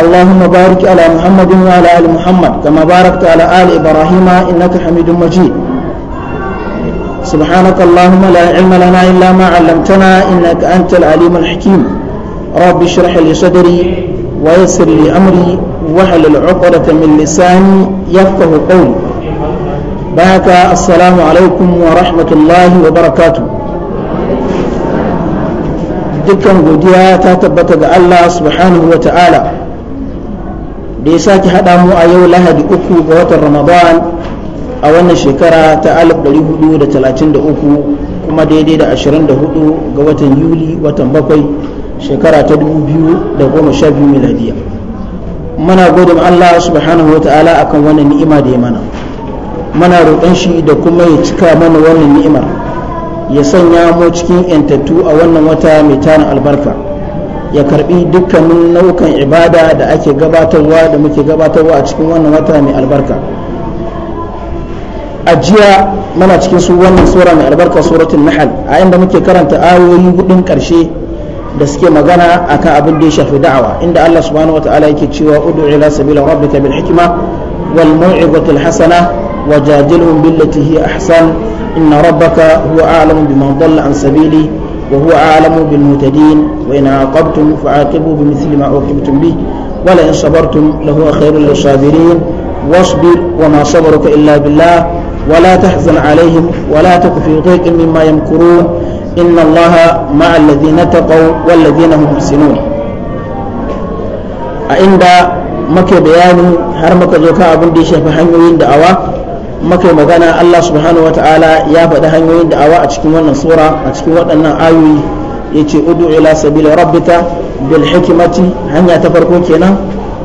اللهم بارك على محمد وعلى آل محمد كما باركت على آل إبراهيم إنك حميد مجيد سبحانك اللهم لا علم لنا إلا ما علمتنا إنك أنت العليم الحكيم رب اشرح لي صدري ويسر لي أمري واحلل عقدة من لساني يفقه قولي بعد السلام عليكم ورحمة الله وبركاته دكا godiya تتبتد الله سبحانه وتعالى da ya sake haɗa mu a yau lahadi uku ga watan ramadan a wannan shekara ta 1433 kuma daidai da 24 ga watan yuli watan bakwai shekara ta 2012 miladiya muna godin allah subhanahu wa ta'ala akan wannan ni'ima da ya mana mana roƙon shi da kuma ya cika mana wannan ni'imar ya sanya mu cikin yantattu a wannan wata mai tana albarka ya karbi dukkanin nau'ukan ibada da ake gabatarwa da muke gabatarwa a cikin wannan wata mai albarka a jiya cikin su wannan sura mai albarka suratul nahl a inda muke karanta ayoyi hudun karshe da suke magana akan abin da ya shafi da'awa inda Allah subhanahu wataala yake cewa ud'u ila sabila rabbika bil hikma wal mau'izatil hasana wajadilhum billati hiya ahsan inna rabbaka huwa a'lamu biman dalla an sabili وهو أعلم بالمهتدين وإن عاقبتم فعاقبوا بمثل ما عوقبتم به ولئن صبرتم لهو خير للصابرين واصبر وما صبرك إلا بالله ولا تحزن عليهم ولا تك في ضيق مما يمكرون إن الله مع الذين اتقوا والذين هم محسنون عند مكة بيان هرمك زكاة بندي شفحين دعوة makai magana Allah subhanahu wa ta'ala ya faɗi hanyoyin da'awa a cikin wannan sura a cikin waɗannan ayoyi ya ce udu ila sabila rabbita bil hikimati hanya ta farko kenan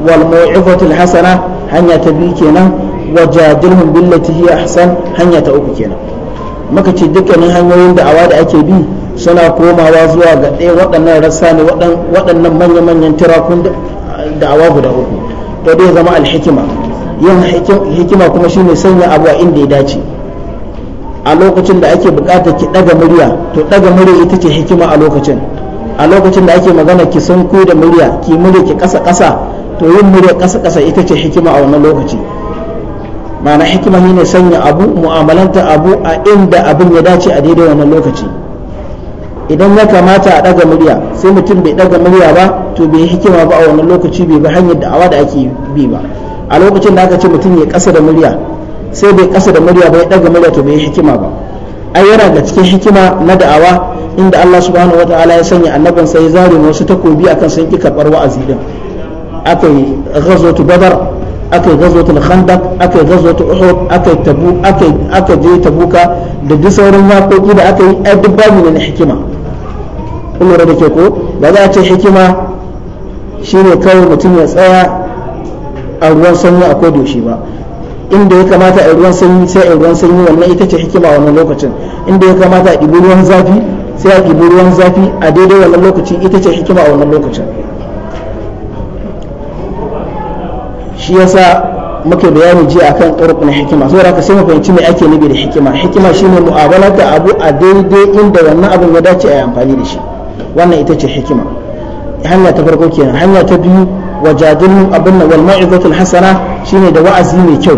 wal mau'izatil hasana hanya ta biyu kenan wajadilhum billati hiya ahsan hanya ta uku kenan maka ce dukkanin hanyoyin da'awa da ake bi suna komawa zuwa ga ɗaya waɗannan rassa ne waɗannan manya-manyan tirakun da'awa guda uku to dai zama alhikima yin hikima kuma shine sanya abu inda ya dace a lokacin da ake bukata ki daga murya to daga murya ita ce hikima a lokacin a lokacin da ake magana ki san ku da murya ki murya ki kasa kasa to yin murya kasa kasa ita ce hikima a wannan lokaci ma'ana hikima shine sanya abu mu'amalanta abu a inda abin ya dace a daidai wannan lokaci idan ya kamata a daga murya sai mutum bai daga murya ba to bai hikima ba a wannan lokaci bai bi hanyar da'awa da ake bi ba a lokacin da aka ce mutum ya kasa da murya sai bai kasa da murya bai daga murya to bai hikima ba ai yana da cikin hikima na da'awa inda Allah subhanahu wataala ya sanya annaban sai zare wasu takobi akan sun ki karbar wa'azi din akai ghazwatu badar akai ghazwatu khandaq akai ghazwatu uhud akai tabu akai akai je tabuka da duk sauran yaƙoƙi da akai yi ai duk babu ne hikima kuma da ke ko ba za a ce hikima shine kawai mutum ya tsaya a ruwan sanyi akwai doshi ba inda ya kamata a ruwan sanyi sai a ruwan sanyi wannan ita ce hikima wannan lokacin inda ya kamata a ɗibi ruwan zafi sai a ɗibi ruwan zafi a daidai wannan lokacin ita ce hikima a wannan lokacin shi yasa muke bayani ji akan na hikima saboda ka sai mu fahimci me ake nufi da hikima hikima shine mu'amalar da abu a daidai inda wannan abin ya dace a yi amfani da shi wannan ita ce hikima hanya ta farko kenan hanya ta biyu wajadilhum abin wal ma'izatul hasana shine da wa'azi mai kyau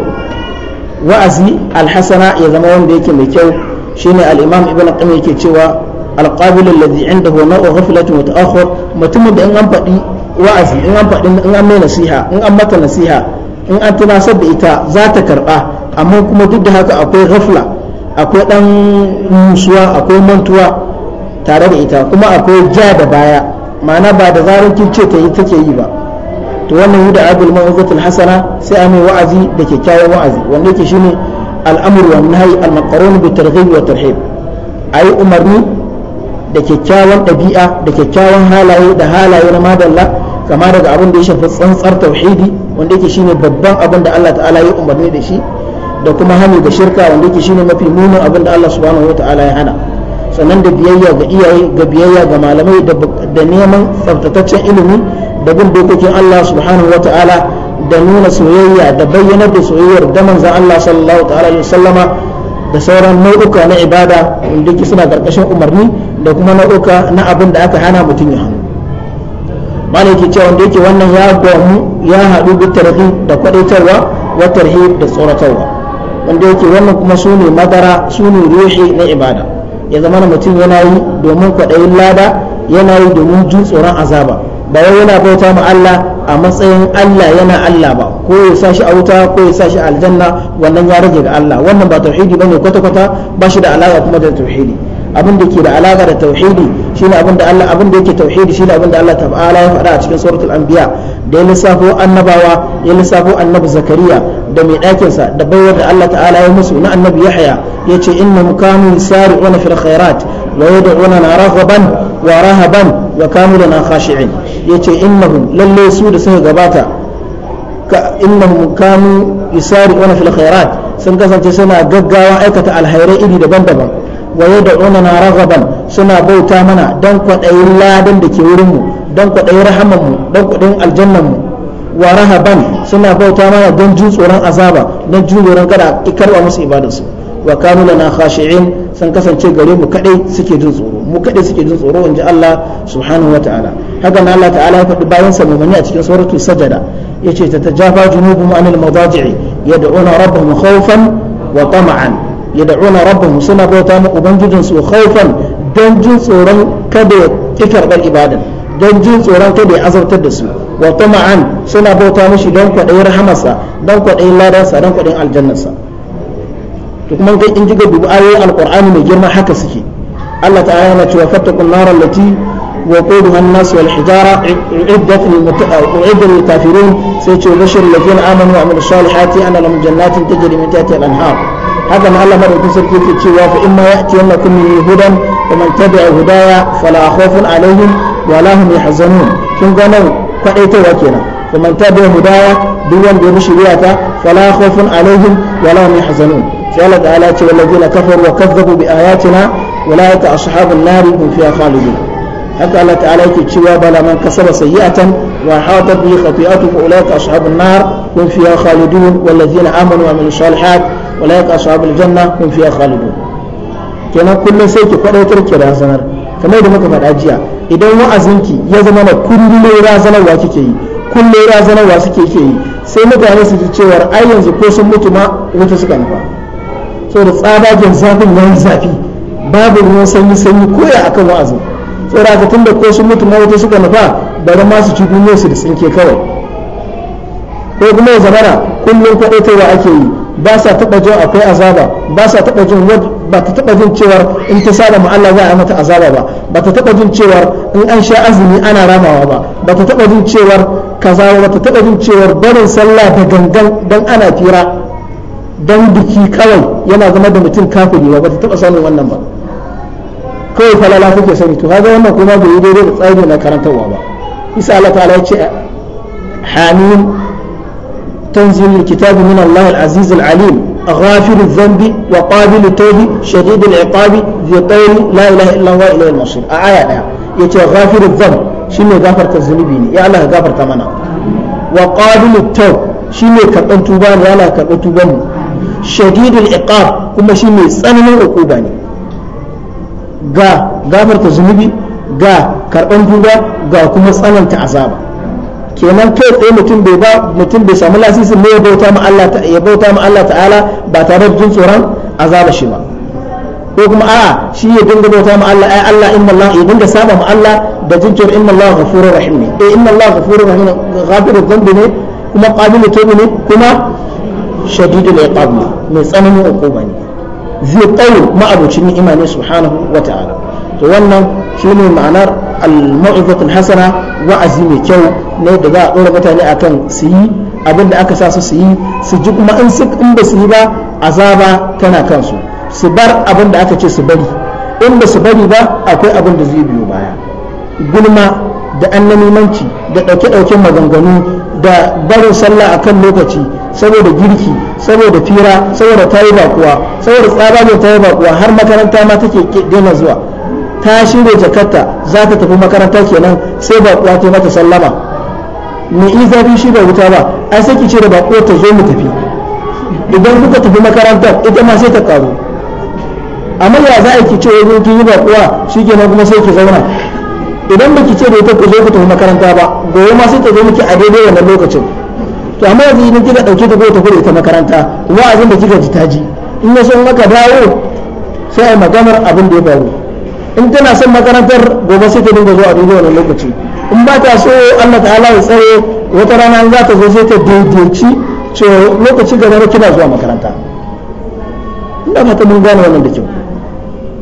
wa'azi alhasana ya zama wanda yake mai kyau shine al-imam ibn qayyim yake cewa al-qabil alladhi indahu naw'u ghaflatin wa ta'akhur mutumin da in an faɗi wa'azi in an faɗi in an mai nasiha in an mata nasiha in an tunasar da ita za ta karba amma kuma duk da haka akwai ghafla akwai dan musuwa akwai mantuwa tare da ita kuma akwai ja da baya ma'ana ba da zarar kin ce ta yi take yi ba to wannan da abul mauzatul hasana sai a mai wa'azi da kyakkyawan wa'azi wanda yake shine al'amr wa nahyi al maqrun bi targhib wa tarhib ayi umarni da kyakkyawan ɗabi'a da kyakkyawan halaye da halaye na madalla kama daga abin da ya shafi tsantsar tauhidi wanda yake shine babban abin da Allah ta'ala ya umarni da shi da kuma hani da shirka wanda yake shine mafi munin abin da Allah subhanahu wata'ala ya hana sannan da biyayya ga iyaye ga biyayya ga malamai da neman tsaftataccen ilimi da bin dokokin Allah subhanahu wa ta'ala da nuna soyayya da bayyanar da soyayyar da manzan Allah sallallahu ta'ala alaihi wasallama da sauran nau'uka na ibada da ke suna karkashin umarni da kuma nau'uka na abin da aka hana mutum ya hannu malai ke cewa wanda yake wannan ya gomu ya haɗu da tarihi da kwadaitarwa wa tarihi da tsoratarwa wanda yake wannan kuma su ne madara su ne ruhi na ibada ya zama mutum yana yi domin kwaɗayin lada yana yi domin jin tsoron azaba ba wai yana bauta ma Allah a matsayin Allah yana Allah ba ko ya sa shi a wuta ko ya sa shi a aljanna wannan ya rage ga Allah wannan ba tauhidi bane kwata kwata ba shi da alaka kuma da tauhidi abin da ke da alaka da tauhidi shine abin da Allah abin da yake tauhidi shine abin da Allah ta'ala ya faɗa a cikin suratul anbiya da ya lissafo annabawa ya lissafo annabi zakariya da mai ɗakin sa da bayar da Allah ta'ala ya musu na annabi yahya yace innahum kanu yusari'una fil khairat wa yad'una raghban wa rahaban wa kamiluna khashi'in yace innahum lalle su da suka gabata innahum kanu yusari'una fil khairat sun kasance suna gaggawa aikata alhairai iri daban-daban wa yad'una na ragaban suna bauta mana dan kwaɗayin ladan da ke wurin mu dan kwaɗayin rahaman mu dan kwaɗayin aljannan mu wa rahaban suna bauta mana dan jin tsoron azaba dan jin tsoron kada ki karba musu ibadarsu wa kanu lana khashi'in sun kasance gare mu kadai suke jin tsoro mu kadai suke jin tsoro inji Allah subhanahu wa ta'ala haka nan Allah ta'ala ya faɗi bayan sa mumuni a cikin suratul sajada yace ta tajafa junubuhum anil madaji'i yad'una rabbahum khawfan wa tama'an yad'una rabbahum suna bauta ma ubangijin su khawfan dan jin tsoron kada ya ki karbar ibadan dan jin tsoron kada ya azabtar da su wa tama'an suna bauta mishi don kwaɗayin rahamarsa don kwaɗayin ladansa don kwaɗayin aljannarsa to kuma kai in jiga dubu ayoyin alqur'ani mai girma haka suke Allah ta'ala yana cewa fattakun nar allati wa quduha an-nas wal hijara iddat lil mutaqid lil kafirin sai ce bashir lakin amanu wa amil salihati an lam jannatin tajri min tahti al anhar hakan Allah madaukin sarki ke cewa fa imma ya'ti yanakum min hudan wa man hudaya fala khawfun alaihim wa lahum yahzanun kin gano kwadaitawa kenan fa man tabi'a hudaya duk wanda ya bi shari'ata fala khawfun alaihim wa lahum yahzanun sai Allah ta'ala ce wallazina kafaru wa kazzabu bi ayatina ulaika ashabun nari hum fiha khalidun haka Allah ta'ala yake cewa bala man kasaba sayyi'atan wa hata bi nar hum fiha khalidun wallazina amanu wa amilus salihat ulaika kenan kullum sai ki kwadaitar ki razanar kamar da muka faɗa jiya idan wa'azinki ya zama na kullum razanarwa kike yi kullum ke yi sai mutane su ji cewar ai yanzu ko sun mutu ma suka nufa saboda tsabagen zafin yayi zafi babu ruwan sanyi sanyi koya akan wa'azin saboda haka tunda ko sun mutu mawata suka nufa bari ma ci su da tsinke kawai ko kuma ya zamana kullum kwaɗaitarwa ake yi ba sa taɓa jin akwai azaba ba sa taɓa jin ba ta taɓa jin cewar in ta sada ma Allah za a mata azaba ba ba ta taɓa jin cewar in an sha azumi ana ramawa ba ba ta taɓa jin cewar kaza ba ta taɓa jin cewar barin sallah da gangan dan ana fira don biki kawai yana zama da mutum kafiri ba ba ta taba samun wannan ba kawai falala take sani to kaga wannan kuma bai yi daidai da tsari na karantarwa ba isa Allah ta'ala ya ce hamim tanzilul kitabi min Allah al-aziz al-alim غافر الذنب وقابل التوب شديد العقاب ذي طول لا اله الا هو اليه المصير آية يتي غافر الذنب شنو غافر تزنبيني يا الله غافر تمنا وقابل التوب شنو كبن توبان يا الله كبن توبان shadidul iqab kuma shi mai tsananin uquba ne ga gafarta zunubi ga karban duba ga kuma tsananta azaba kenan kai tsaye mutum bai ba mutum bai samu lasisin ne ya bauta ma Allah ta ya bauta ma Allah ta'ala ba tare da jin tsoron azaba shi ba ko kuma a'a shi ya dinga bauta ma Allah ai Allah inna Allah ya dinga saba ma Allah da jin tsoron inna Allah ghafurur rahim ne eh inna Allah ghafurur rahim ghafurur dhanbi ne kuma qabilu tawbi ne kuma Shadidu da ya ne mai tsananin hukuma ne zai ƙawo ma'abucin ni'ima ne subhanahu wa ta'ala to wannan ne ma'anar al-mau'izatul hasana wa'azi mai kyau ne da za a ɗora mutane a kan su yi abinda aka sa su su yi su ji kuma in su in ba su yi ba azaba tana kansu su bar abin da aka ce su bari in ba su bari ba akwai abin da zai biyo baya gulma da annamimanci da ɗauke-ɗauken maganganu da barin sallah a kan lokaci saboda girki saboda fira saboda tayi bakuwa saboda tsaba ne tayi bakuwa har makaranta ma take daina zuwa ta shirya jakarta za ta tafi makaranta kenan sai bakuwa ta mata sallama me in zafi shi ba wuta ba ai sai ki ce da bako ta zo mu tafi idan kuka tafi makaranta ita ma sai ta karu amma ya za a ki ce wajen kin yi bakuwa shikenan kuma sai ki zauna idan baki ce da ita ku zo ku tafi makaranta ba gobe ma sai ta zo miki a daidai wannan lokacin to amma yanzu idan kika dauke ta ko ta kure ita makaranta wa'azin da kika ji ta ji in ya son maka dawo sai ai maganar abin da ya faru in tana son makarantar gobe sai ta dinga zuwa a daidai wannan lokaci in ba ta so Allah ta'ala ya tsare wata rana in za ta zo sai ta daidaici cewa lokaci gaba kina zuwa makaranta ina fata mun gane wannan da kyau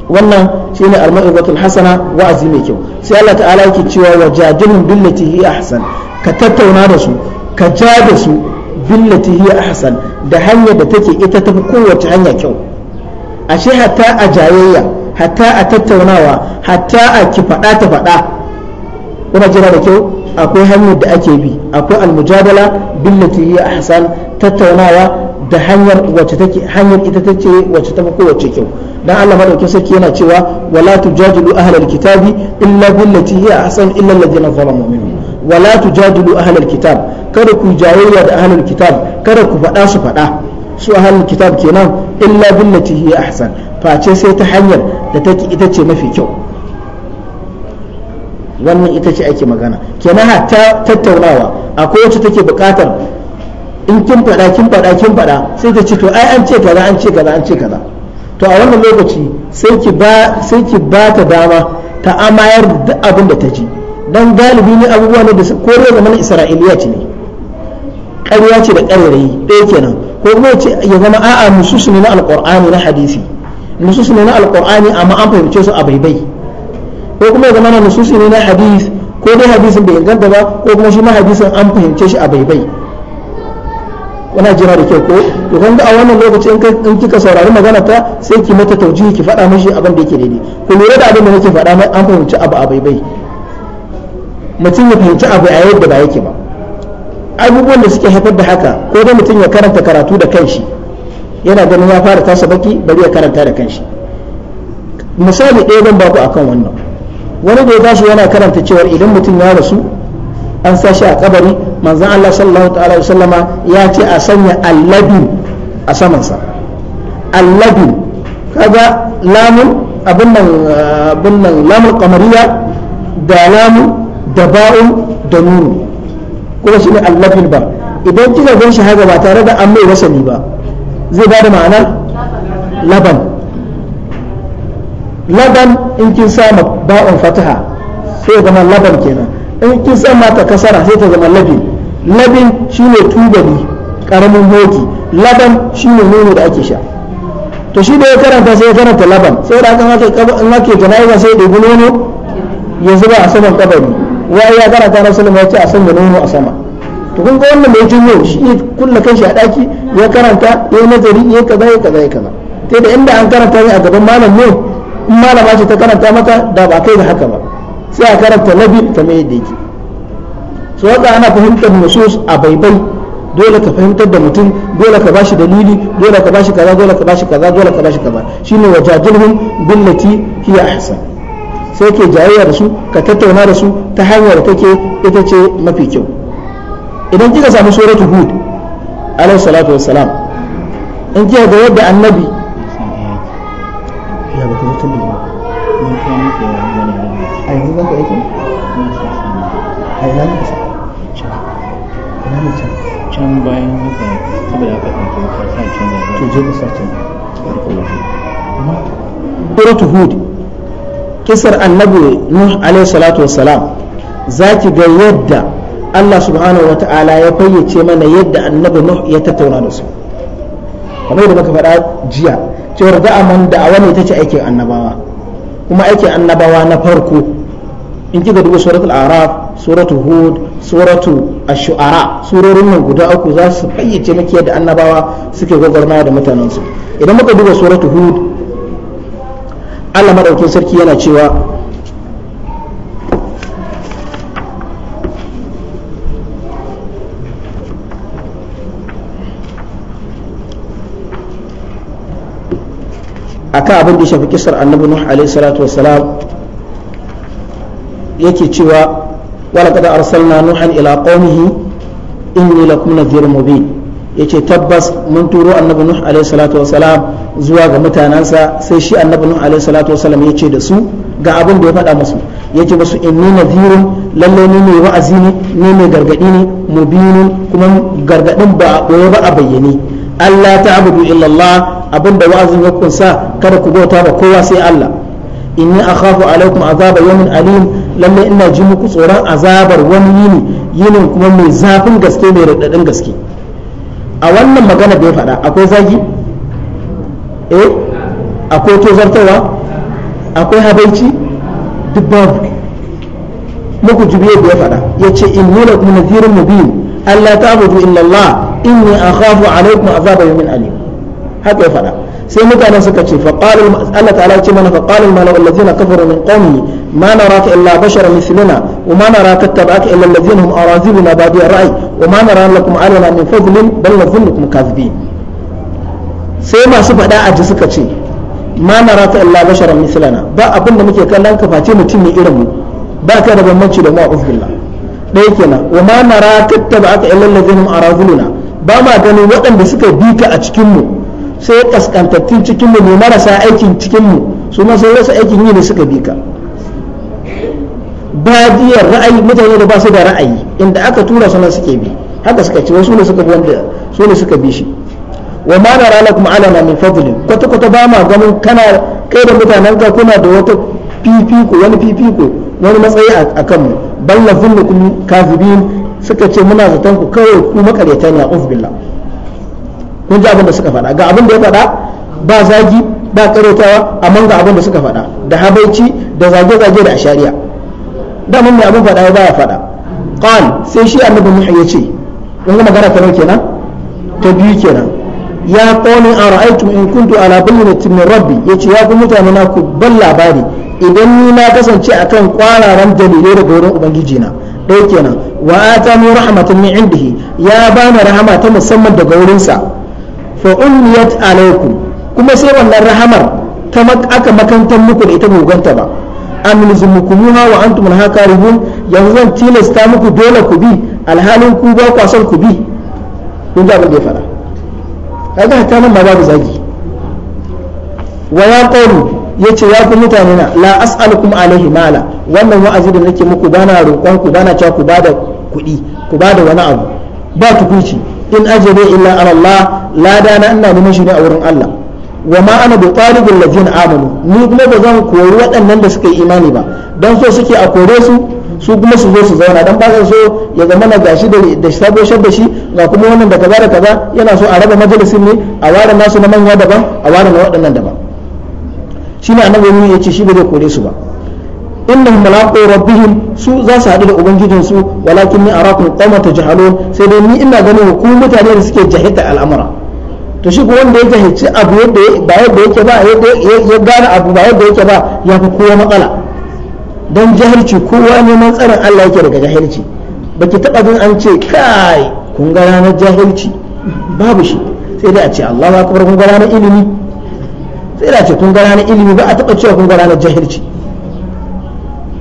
wannan shine al-ma'izatul hasana wa'azi mai kyau sai Allah ta'ala yake cewa wajadilhum billati hi ahsan ka tattauna da su ka ja da su billati hi ahsan da hanyar da take ita tafi kowace hanya kyau ashe hatta a jayayya hatta a tattaunawa hatta a ki faɗa ta faɗa kuna jira da kyau akwai hanyar da ake bi akwai al-mujadala billati hi ahsan tattaunawa da hanyar wacce take hanyar ita take wacce ta ko wacce kyau dan Allah madaukakin sarki yana cewa wala tujadilu ahlal kitabi illa billati hiya ahsan illa alladhina zalamu minhum wala tujadilu ahlal kitab kada ku jayayya da ahlal kitab kada ku fada su fada su ahlal kitab kenan illa billati hiya ahsan face sai ta hanyar da take ita ce mafi kyau wannan ita ce ake magana kenan ta tattaunawa akwai wacce take buƙatar in kin faɗa kin faɗa kin faɗa sai ta ce to ai an ce kaza an ce kaza an ce kaza to a wannan lokaci sai ki ba sai ki ba ta dama ta amayar da duk abin da ta ji dan galibi ne abubuwa ne da ko da zaman isra'iliya ce ne ƙarya ce da ƙarairayi ɗaya kenan ko kuma ce ya zama a'a musus ne na alqur'ani na hadisi musus ne na alqur'ani amma an fahimce su a baibai ko kuma ya zama na musus ne na hadisi ko dai hadisin bai inganta ba ko kuma shi ma hadisin an fahimce shi a baibai yana jira da kyau ko to kanga a wannan lokaci in kika saurari magana ta sai ki mata taujihi ki faɗa mishi abin da yake daidai ku lura da abin da nake faɗa mai an fahimci abu a baibai mutum ya fahimci abu a yadda ba yake ba abubuwan da suke haifar da haka ko da mutum ya karanta karatu da kanshi yana ganin ya fara tasa baki bari ya karanta da kanshi misali ɗaya zan baku akan wannan wani da ya tashi yana karanta cewa idan mutum ya rasu an sa shi a kabari manzon Allah sallallahu ta'ala sallama ya ce a sanya alladu a samansa alladu kaga lamun abin nan abin nan lamun kamariya da lamun da ba'un da nunu kuma shi ne ba idan kika gan shi haka ba tare da an mai wasani ba zai ba da ma'ana laban laban in kin sa ba'un fataha sai zama laban kenan in kin san mata kasara sai ta zama labin labin shine tubali karamin bogi laban shine nono da ake sha to shi da ya karanta sai ya karanta laban sai da haka in ake jana'iza sai da dubi nono ya zuba a saman kabari wai ya karanta na sulma ya ce a sanya nono a sama to kun ga wannan mai jinyo shi ne kan shi a daki ya karanta ya nazari ya kaza ya kaza ya kaza sai da inda an karanta ne a gaban malam ne in malama ce ta karanta mata da ba kai da haka ba sai a karanta labil kamar yadda yake so haka ana fahimtar nusus a baibai dole ka fahimtar da mutum dole ka bashi dalili dole ka bashi kaza dole ka bashi kaza dole ka bashi kaza shine wajajilhum billati hiya ahsan sai ke jayayya da su ka tattauna da su ta hanyar take ita ce mafi kyau idan kika samu suratul hud alaihi salatu wassalam in kika ga yadda annabi ina ne can ina ne can can bayan haka saboda haka ɗin ka sa can da to je ka sa can Suratu Hud kisar annabi Nuh alaihi salatu wassalam zaki ga yadda Allah subhanahu wata'ala ya fayyace mana yadda annabi Nuh ya tattauna da su kamar yadda muka faɗa jiya cewar da'aman da'awa ne ta ce aikin annabawa kuma aikin annabawa na farko in kika duba suratul araf suratu hud suratu ash-shu'ara surorin nan guda uku za su fayyace maka yadda annabawa suke gwagwarmaya da mutanensu idan muka duba suratu hud Allah madaukin sarki yana cewa akan abin da ya shafi kisar annabi nuh alaihi salatu wassalam yake cewa ولقد أرسلنا نوحا إلى قومه إني لكم نذير مبين yace tabbas mun turo annabi nuh alaihi salatu wasalam zuwa ga mutanansa sai shi annabi nuh alaihi salatu wasalam yace da su ga abin da ya faɗa musu yace musu inni nadhirun lalle ni mai wa'azi ne ni mai gargadi ne mubinin kuma gargadin ba a boye ba a bayyane Allah ta'budu illa Allah abin da wa'azin ya kunsa kada ku bauta ba kowa sai Allah inni akhafu alaikum azaba yawmin alim lalle ina ji muku tsoron azabar wani yini yinin kuma mai zafin gaske mai raɗaɗin gaske a wannan magana da ya faɗa akwai zagi eh akwai tozartarwa akwai habaici duk babu muku jibiyar da ya faɗa ya ce in nuna kuma nazirin mubin Allah ta abudu illallah inni akhafu alaikum azaba yawmin alim haka ya faɗa sai mutanen suka ce Allah ta'ala ce mana fa qala al allazina kafaru min qawmi ma naraka illa bashara mithluna wa ma naraka tabaka illa allazina hum arazibuna badi ra'i wa ma nara lakum alaina min fadlin bal kuma kadhibin sai masu faɗa a ji suka ce ma naraka illa bashara mithluna ba abinda muke kallon ka face mutum ne irin mu ba ka da bambanci da mu a ufbillah ɗaya kenan wa ma naraka tabaka illa allazina hum arazibuna ba ma ganin waɗanda suka bi ka a cikin mu sai kaskantattun cikinmu ne marasa aikin cikinmu su ma sai rasa aikin yi ne suka bi ka badiyar ra'ayi mutane da ba su da ra'ayi inda aka tura su suke bi haka suka ce wasu ne suka bi wanda su ne suka bi shi wa ma kuma alana min fadli kwata kwata ba ma ganin kana kai da mutanen ka kuna da wata fifiko wani fifiko wani matsayi a kanmu ballafin la kuma kazibin suka ce muna zaton ku kawai ku makaryata ne a ofbilla. kun ji abin da suka faɗa ga abin da ya faɗa ba zagi ba karotawa amma ga abin da suka faɗa da habaici da zage-zage da ashariya da mun mai abin faɗa ba baya faɗa qal sai shi annabi mu ya ce kun ga magana ta kenan ta biyu kenan ya a ara'aytum in kuntu ala bayyinatin min rabbi ce ya fi mutane na ku ban labari idan ni na kasance akan kwararan dalilai daga wurin ubangiji na ɗaya kenan wa atani rahmatan min indihi ya bani rahama ta musamman daga wurinsa fa umiyat alaikum kuma sai wannan rahamar ta aka makantar muku da ita goganta ba an nuzumukumuha wa antum laha yanzu zan tilasta muku dole ku bi alhalin ku ba ku ku bi kun ga da ya fara kaga hatta nan ba babu zagi wa ya qulu yace ya ku mutane na la as'alukum alaihi mala wannan wa'azi da nake muku bana roƙon ku bana cewa ku bada kuɗi ku bada wani abu ba tukuci in ajabe illa ala Allah lada na ina neman shi ne a wurin Allah wa ma ana bi talibul ladina amanu ni kuma ba zan koyi waɗannan da suka yi imani ba dan so suke a kore su su kuma su zo su zauna dan ba zan so ya zama na gashi da da sabo da shi ga kuma wannan da kaza da kaza yana so a raba majalisin ne a ware nasu na manya daban a ware na waɗannan daban shine annabi ne yace shi ba zai kore su ba innahum malaqu rabbihim su za su haɗu da ubangijin su walakin ni arakum qawma tajhalun sai dai ni ina ganin ku mutane da suke jahita al'amura to shi wanda ya jahilci abu yadda ba yadda yake ba ya gane abu ba yadda yake ba ya fi kowa matsala don jahilci kowa neman tsarin Allah yake daga jahilci baki taba jin an ce kai kun ga ranar jahilci babu shi sai dai a ce Allah ba kuma kun ga ranar ilimi sai dai a ce kun ga ranar ilimi ba a taba cewa kun ga ranar jahilci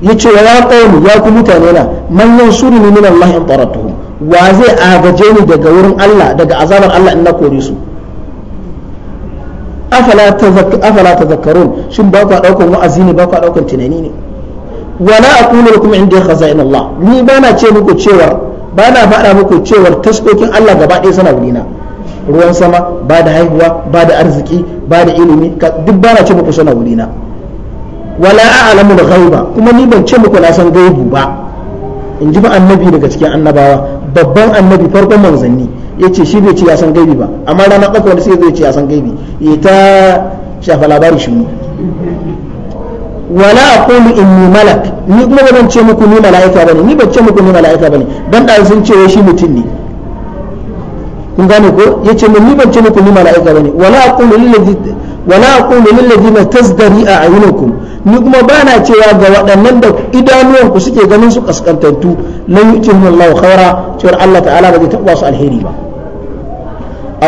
yace ya qaumi ya ku mutane na man ne min Allah in taratuhu wa zai agaje ni daga wurin Allah daga azabar Allah in na kore su afala zakarun shin ba ku daukan wa'azi ne ba ku daukan tunani ne wala inda ya indi khaza'in Allah ni bana ce muku cewa bana faɗa muku cewar, taskokin Allah gaba ɗaya suna wurina ruwan sama ba da haihuwa ba da arziki ba da ilimi duk bana ce muku suna wurina wala a'lamu da ghaiba kuma ni ban ce muku na san gaibu ba in ji ba annabi daga cikin annabawa babban annabi farkon manzanni ya ce shi bai ci ya san gaibi ba amma rana ɗauka wanda sai zai ci ya san gaibi ya ta shafa labarin shi mu wala in ni malak ni kuma ba zan ce muku ni mala'ika bane ni ban ce muku ni mala'ika bane dan da sun ce shi mutum ne kun gane ko yace min ni ban ce muku ni mala'ika bane wala aqulu lil ladhi wala aqulu lil ladina tazdari a'yunukum ni kuma bana cewa ga waɗannan da idanuwan ku suke ganin su kaskantattu lan yutimmu Allahu khaira cewa Allah ta'ala ba zai taɓa su alheri ba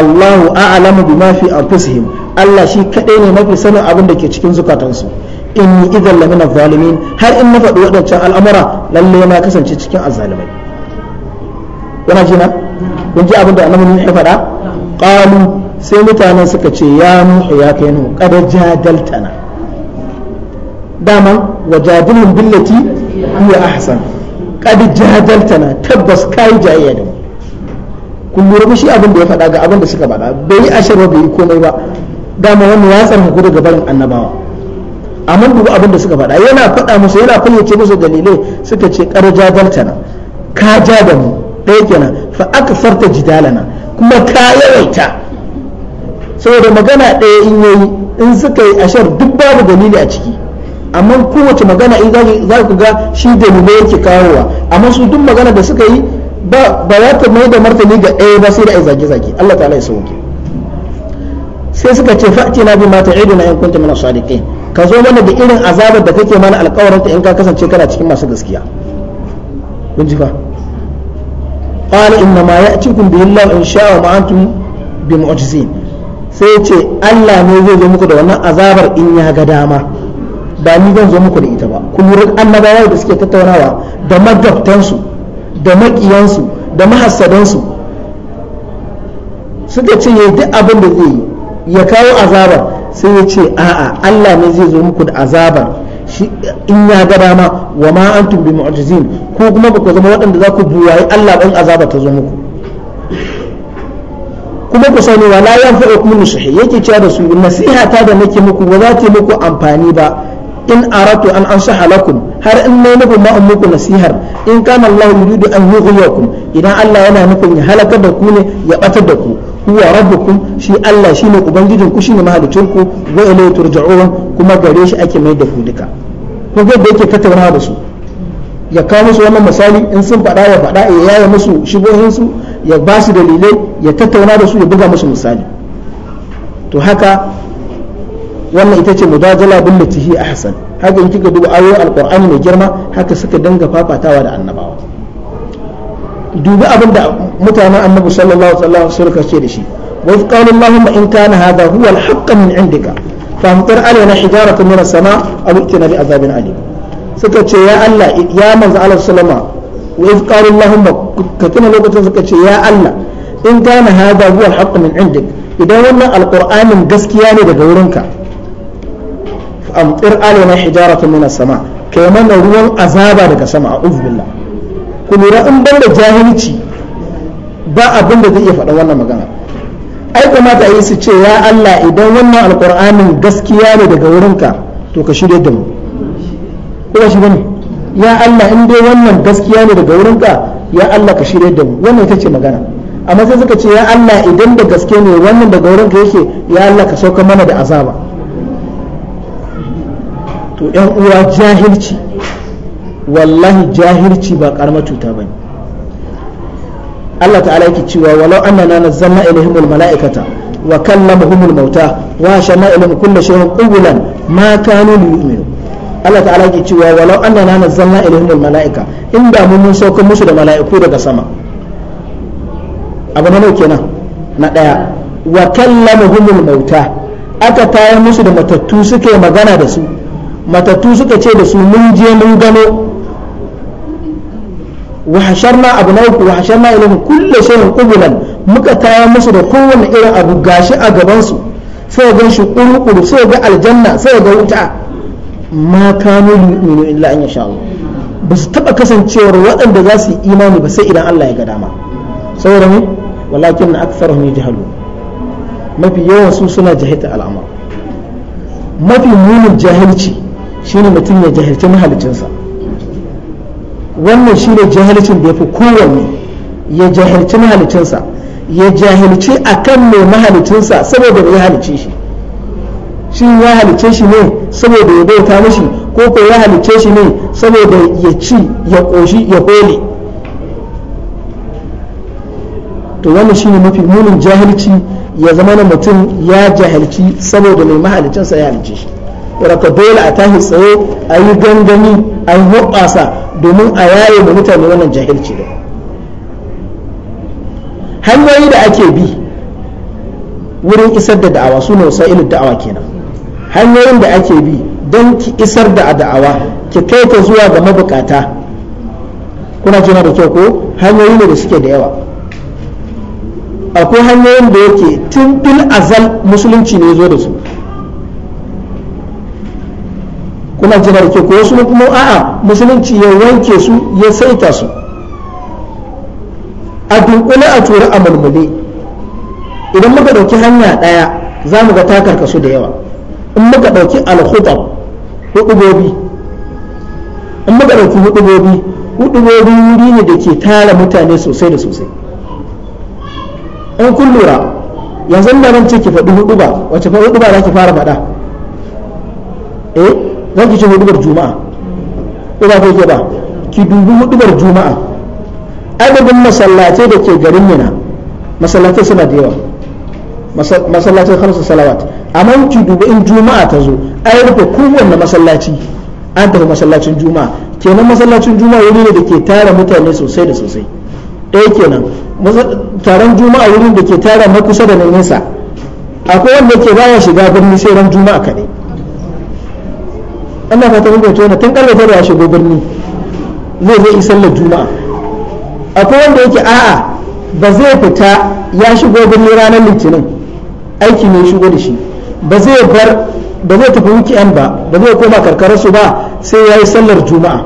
Allahu a'lamu bima fi anfusihim Allah shi kadai ne mafi sanin abin da ke cikin zukatansu inni idan lamina zalimin har in na faɗi waɗancan al'amura lallai na kasance cikin azzalimai yana ji na kun ji abin da annabi ya fada? qalu sai mutanen suka ce ya nuhu ya kai nuhu qad jadaltana dama wajadilhum billati hiya ahsan qad jadaltana tabbas kayi jayya da mu kun lura shi abin da ya faɗa ga abin da suka faɗa bai yi ashirwa bai yi komai ba dama wannan ya tsarka ku daga barin annabawa amma dubu abin da suka faɗa yana faɗa musu yana fayyace musu dalilai suka ce kar na. ka ja da mu ɗaya kenan fa aka farta jidalana kuma ka yawaita saboda magana ɗaya in yayi in suka yi ashar duk babu dalili a ciki amma kowace magana in za ku ga shi dalilai yake kawowa amma su duk magana da suka yi ba za ta mai da martani ga ɗaya ba sai da ai zage-zage Allah ta'ala ya sauke sai suka ce fa'ti na bi mata na in kunta mana sadiqin ka zo mana da irin azabar da kake mana alƙawarin ta in ka kasance kana cikin masu gaskiya kun ji fa qala inna ma ya'tikum bihi Allah in sha ma antum bi mu'jizin sai ce Allah ne zai zo muku da wannan azabar in ya ga dama ba ni zan zo muku da ita ba kullu annabawa da suke tattaunawa da magabtansu da maƙiyansu da mahassadansu suka ce ya yi duk abin da zai yi ya kawo azabar sai ya ce a'a Allah ne zai zo muku da azabar in ya ga dama wa ma antum bi mu'jizin ko kuma ba ku zama waɗanda za ku yi Allah ɗin azaba ta zo muku kuma ku sani wa la yanfa'ukum nasihi yake cewa da su nasiha ta da nake muku ba za ta yi muku amfani ba in aratu an ansaha lakum har in mai nufin ma'an muku nasihar in kana Allah yuridu an yi kun idan Allah yana nufin ya halakar da ku ne ya batar da ku huwa rabbukum shi Allah shine ubangijin ku shine mahalicin ku wa ilayhi turja'un kuma gare shi ake mai da ku duka ko ga da yake tattaunawa da su ya kawo musu wannan misali in sun faɗa ya faɗa ya yaya musu shigohin su ya basu dalilai ya tattauna da su ya buga musu misali to haka wannan ita ce mujadala bil lati hi ahsan haka in kika duba ayoyin alqur'ani mai girma haka suka danga fafatawa da annabawa dubi abin da mutanen annabi sallallahu alaihi wasallam suka ce da shi wa qala allahumma in kana hadha huwa al-haqq min indika famtar alaina hijaratu min as-sama aw itina bi azabin alim suka ce ya Allah ya manzo Allah sallama wa iz qala allahumma ka lokacin suka ce ya Allah in kana hadha huwa al-haqq min indika idan wannan alqur'anin gaskiya ne daga wurinka amtir alaina hijaratan min as-sama kai mana ruwan azaba daga sama a'udhu billah ku lura in ban da jahilci ba abin da zai iya faɗa wannan magana ai kamata a yi su ce ya Allah idan wannan alƙur'anin gaskiya ne daga wurinka to ka shirya da mu ko shi bane ya Allah in dai wannan gaskiya ne daga wurinka ya Allah ka shirya da mu wannan ita ce magana amma sai suka ce ya Allah idan da gaske ne wannan daga wurinka yake ya Allah ka sauka mana da azaba to yan uwa jahilci wallahi jahilci ba karamar cuta bane Allah ta'ala yake cewa walau annana nazzalna ilaihimul mala'ikata wa kallamahumul mauta wa shanna ilaihim kullu shay'in qawlan ma kanu yu'minu Allah ta'ala yake cewa walau annana nazzalna ilaihimul mala'ika inda mun mun sauka musu da mala'iku daga sama abu na nau kenan na daya wa kallamahumul mauta aka tayar musu da matattu suke magana da su matattu suka ce da su mun je mun gano wa hasharna abu na uku wa hasharna kulle kullu shay'in qubulan muka taya musu da kowanne irin abu gashi a gaban su sai ga shi kurkuru sai ga aljanna sai ga wuta ma kanu yu'minu illa an yasha Allah ba su taba kasancewar waɗanda za su yi imani ba sai idan Allah ya ga dama saboda mu walakin na aktharuhum yajhalu mafi yawan su suna jahilta al'amar mafi munin jahilci shine mutum ya jahilci mahalicinsa wannan shine jahilcin da ya fi kowanne ya jahilci mahalicinsa ya jahilci a kan mai mahalicinsa saboda ya halice shi shi ya halice shi ne saboda ya bauta mashi ko ko ya halice shi ne saboda ya ci ya ƙoshi ya kole to wannan shine mafi munin jahilci ya zama na mutum ya jahilci saboda mai mahalicinsa ya halice shi raka dole a tashi tsaye a yi gangami a yi hoɓasa domin a yaye da mutane wannan jahilci da hanyoyi da ake bi wurin isar da da'awa su ne ilin da'awa kenan hanyoyin da ake bi don ki isar da a da'awa ki kai ta zuwa ga mabukata kuna jina da kyau ko hanyoyi ne da suke da yawa akwai hanyoyin da yake tun azal musulunci ne zo da su kuna jira da ke ko wasu kuma a'a musulunci ya wanke su ya saita su a dunkule a tura a mulmule idan muka ɗauki hanya ɗaya za mu ga takarka su da yawa in muka ɗauki alhutab hudubobi in muka hudubobi hudubobi wuri ne da ke tara mutane sosai da sosai in kun lura yanzu da nan ce ki faɗi hudu ba wace fa hudu ba za ki fara faɗa eh zan ki ce hudubar juma'a ko ba ke ba ki dubi hudubar juma'a adadin masallace da ke garin yana, masallace suna da yawa masallace khamsu salawat amma ki dubi in juma'a ta zo ai rufe kowanne masallaci an tafi masallacin juma'a kenan masallacin juma'a wuri ne da ke tara mutane sosai da sosai ɗaya kenan taron juma'a wurin da ke tara makusa kusa da nan nisa, akwai wanda ke baya shiga birni sai ran juma'a kaɗai Allah fata mun gwace tun karfe tara ya shigo birni zai zai sallar juma'a akwai wanda yake a'a ba zai fita ya shigo birni ranar litinin aiki ne shigo da shi ba zai bar ba zai tafi weekend ba ba zai koma karkarar su ba sai ya yi sallar juma'a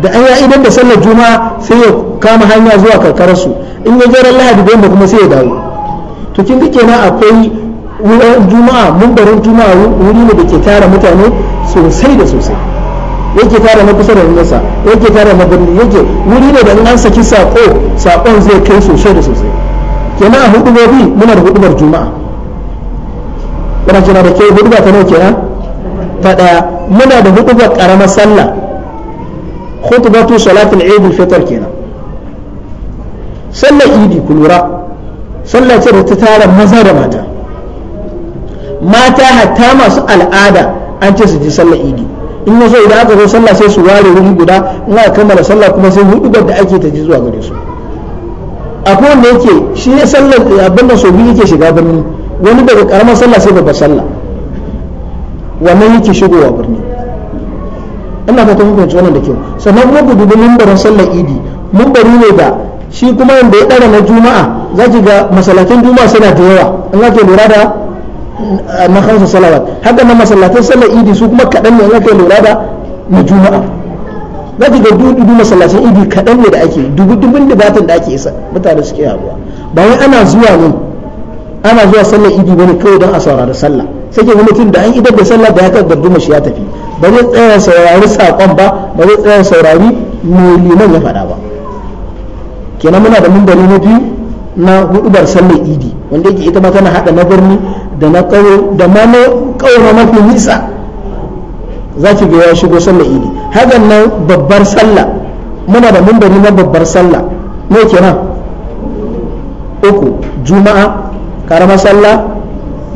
da an ya idan da sallar juma'a sai ya kama hanya zuwa karkarar su in ya jera lahadi lahadi da kuma sai ya dawo to kin ga kenan akwai wurin juma'a mun barin juma'a wuri ne da ke tara mutane sosai da sosai yake tara na kusa da nesa yake tara na birni yake wuri ne da in an saki sako sakon zai kai sosai da sosai kenan a hudubobi muna da hudubar juma'a kana kina da ke hudubar ta nawa kenan ta daya muna da hudubar karamar sallah khutbatu salatul eid fitr kenan sallar idi kulura sallah ce da ta tara maza da mata mata hatta masu al'ada an ce su ji sallar idi in yaso idan aka zo sallah sai su ware wuri guda in aka kammala sallah kuma sai hudubar da ake ta ji zuwa gare su akwai wanda yake shi ya sallar abin da sobi yake shiga birni wani daga karamar sallah sai babbar sallah wannan yake shigowa birni ina fatan hukunci wannan da kyau sannan kuma ku dubi mimbarin sallar idi mimbari ne da shi kuma yanda ya dara na juma'a za ki ga masalatin juma'a suna da yawa in ake lura da na hausa salawat haka na masallatan sallar idi su kuma kaɗan ne in lura da na juma'a za ka ga dubu masallacin idi kaɗan ne da ake dubu dubun dubatan da ake isa mutane suke yaguwa ba wai ana zuwa ne ana zuwa sallar idi wani kawai don a saurari sallah sai ke mutum da an idar da sallah da ya kan garduma mashi ya tafi ba zai tsaya saurari saƙon ba ba zai tsaya saurari mai liman ya faɗa ba kenan muna da mumbari na biyu na hudubar sallar idi wanda yake ita ma tana haɗa na birni da na kawo da ma na kawo mafi nisa za ki ga ya shigo sallar idi hakan nan babbar sallah muna da mumbari na babbar sallah me nan? uku juma'a karamar sallah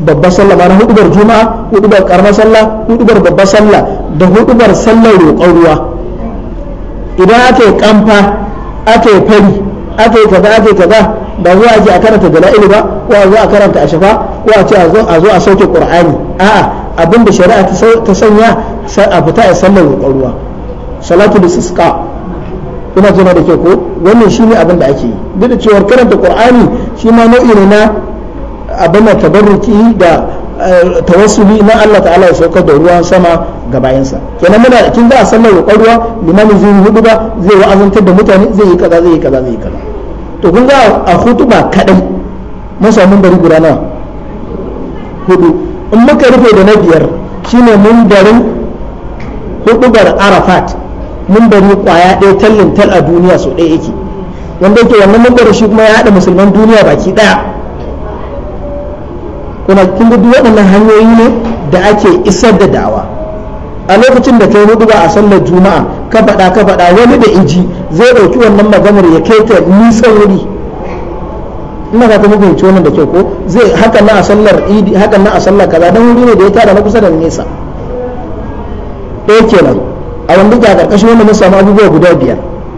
babbar sallah ma na hudubar juma'a hudubar karamar sallah hudubar babbar sallah da hudubar sallar roƙon ruwa idan aka yi kamfa aka yi fari aka yi kaza aka yi kaza ba zuwa ake a karanta dala'ilu ba wa zuwa a karanta ashafa ko a ce a zo a sauke qur'ani a'a abin da shari'a ta sanya a fita a sallar roƙon ruwa salatu da siska kuna da ke ko wannan shine abin da ake yi duk da cewar karanta qur'ani shi ma nau'i ne na abin da tabarruki da eh, tawassuli na Allah ta'ala ya saukar da ruwan sama ga bayansa kenan muna kin da sallar roƙon ruwa limamin zai yi hudu ba zai wa'azantar da mutane zai yi kaza zai yi kaza zai yi kaza to kun ga a hutuba kadai mun samu bari guda nawa hudu in muka rufe da na biyar shine mundarin hudubar arafat mundari kwaya ɗaya tallin tal a duniya so ɗaya yake wanda yake wannan mundari shi kuma ya haɗa musulman duniya baki ɗaya kuma kin duk waɗannan hanyoyi ne da ake isar da dawa. a lokacin da kai hudu ba a sallar juma'a ka faɗa ka faɗa wani da inji zai ɗauki wannan maganar ya kai ta nisan wuri ina ka kuma fahimci wannan da kyau ko zai hakan na a sallar idi hakan na a sallar kaza dan wuri ne da ya tada na kusa da nesa ɗaya kenan a wanda ga karkashin wannan mun samu abubuwa guda biyar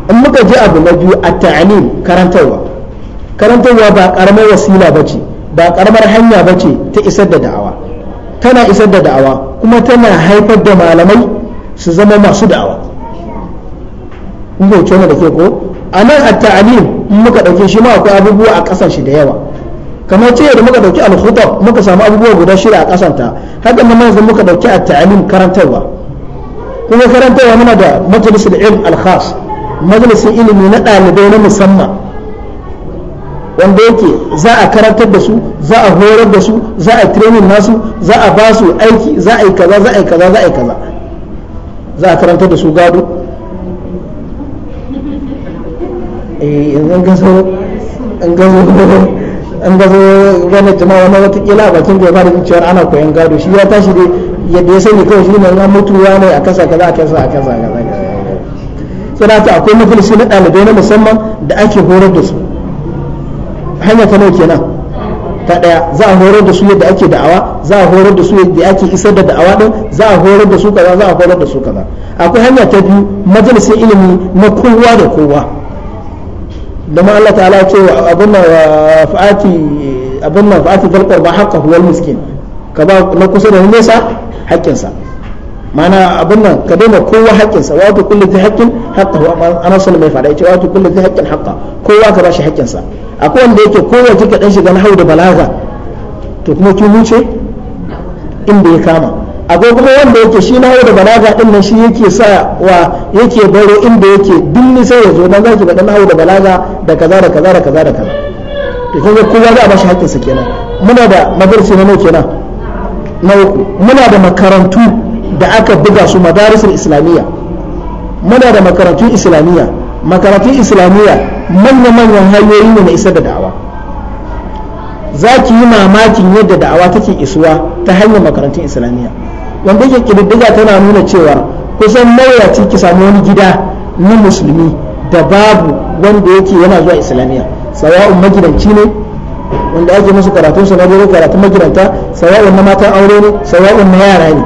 in muka je abu na biyu a ta'alim karantarwa karantarwa ba karamar wasila bace ba karamar hanya bace ta isar da da'awa tana isar da da'awa kuma tana haifar da malamai su zama masu da'awa kun fahimci da ke ko a nan a ta'alim muka ɗauke shi ma akwai abubuwa a ƙasan shi da yawa kamar ce da muka ɗauki al muka samu abubuwa guda shida a ƙasan ta haka nan yanzu muka ɗauki a ta'alim karantarwa kuma karantarwa muna da majalisul ilm al-khas majalisin ilimi na ɗalibai na musamman wanda yake za a karantar da su za a horar da su za a training nasu za a ba su aiki za a yi kaza za a yi kaza za a yi kaza za a karantar da su gado yanzu eh, an gazo an gazo an gazo wani tuna wani watakila a bakin bai fara cewar ana koyan gado shi ya tashi dai yadda ya sani kawai shi ne an mutu ya ne a kasa kaza a kasa a kasa kaza saboda ta akwai majalisi na ɗalibai na musamman da ake horar da su hanya ta nau kenan ta ɗaya za a horar da su yadda ake da'awa za a horar da su yadda ake isar da da'awa din za a horar da su kaza za a horar da su kaza akwai hanya ta biyu majalisar ilimi na kowa da kowa da ma Allah ta'ala ce abin nan fa'ati abin nan fa'ati dalqar ba haka wal miskin ka ba na kusa da nesa haƙƙinsa mana abin nan ka daina kowa haƙƙinsa wa ta kullu haƙƙin haqqahu ana sun mai fada yace wa ta kullu haƙƙin haqqa kowa ka ba bashi haƙƙinsa akwai wanda yake kowa kika dan shiga na hau da balaga to kuma ki wuce inda ya kama akwai kuma wanda yake shi na yau da balaga din nan shi yake sa wa yake baro inda yake duk ni sai ya zo dan zaki faɗa na da balaga da kaza da kaza da kaza da kaza to kaga kowa za a bashi haƙƙinsa kenan muna da madarsi na kenan na uku muna da makarantu da aka buga su madarisul islamiyya muna da makarantun islamiyya makarantu islamiyya manya-manyan hanyoyi ne na isar da da'awa za ki yi mamakin yadda da'awa take isuwa ta hanyar makarantun islamiyya wanda yake kididdiga tana nuna cewa kusan mawuyaci ki samu wani gida na musulmi da babu wanda yake yana zuwa islamiyya sawa'un magidanci ne wanda ake musu karatun su na karatun magidanta sawa'un na matan aure ne sawa'un na yara ne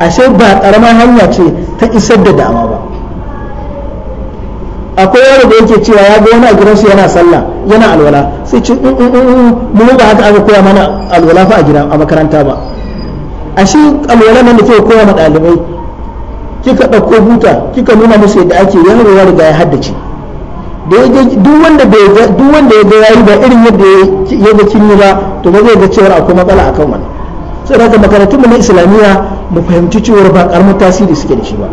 ashe ba karamar hanya ce ta isar da dama ba akwai yaro da yake cewa ya ga wani a gidansu yana sallah yana alwala sai ce mm, mm, mm, mu ba haka aka koya mana alwala fa a gida a makaranta ba a shi alwala nan da ke koya ma ɗalibai kika ɗauko buta kika nuna musu yadda ake yaro ya riga ya haddace duk wanda ya ga yayi ba irin yadda ya ga kin ba to ba zai ga cewa akwai matsala akan wani sai daga makarantu mu na islamiyya mu fahimci cewa ba karamin tasiri suke da shi ba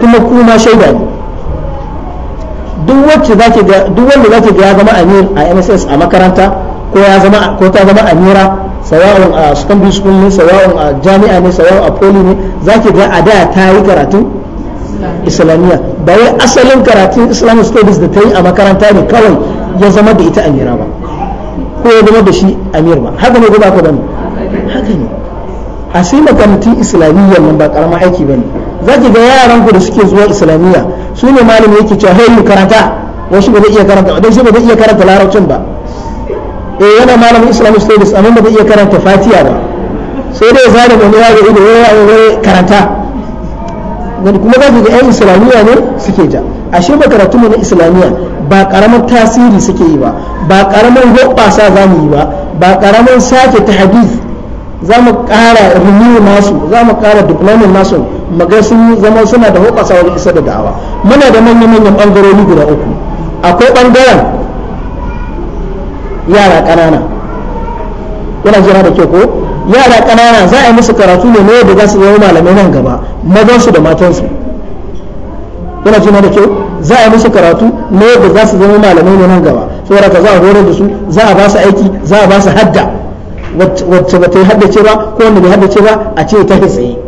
kuma kuma shaida ne duk wacce duk wanda zaki ga ya zama amir a nss a makaranta ko ya zama ko ta zama amira sawa'un a secondary school ne sawa'un a jami'a ne sawa'un a poli ne zaki ga a da ta yi karatun islamiyya ba wai asalin karatun islamic studies da ta yi a makaranta ne kawai ya zama da ita amira ba ko ya zama da shi amir ba haka ne ko ba ka bane haka ne a sai makarantun islamiyya nan ba karamar aiki bane zaki ga yaran ku da suke zuwa islamiyya su ne malami yake cewa hey karanta wasu ba zai iya karanta shi ba zai iya karanta larabcin ba eh yana malamin islam studies amma ba zai iya karanta fatiya ba sai dai zai da ya ga ido ya karanta wani kuma za ga yan islamiyya ne suke ja ashe ba karatu na islamiyya ba karaman tasiri suke yi ba ba karaman hoɓɓasa za mu yi ba ba karaman sake ta hadith za mu ƙara renew nasu za mu ƙara diplomin nasu maga sun zama suna da hoɓɓasa wajen isa da da'awa muna da manya-manyan ɓangarori guda uku akwai ɓangaren yara ƙanana yana jira da ke ko yara ƙanana za a yi musu karatu ne ne da za su zama malamai nan gaba mazansu da matansu yana jira da kyau za a yi musu karatu ne da za su zama malamai ne nan gaba saboda ka za a horar da su za a ba su aiki za a ba su hadda wacce ba ta yi haddace ba ko wanda bai haddace ba a ce ta tsaye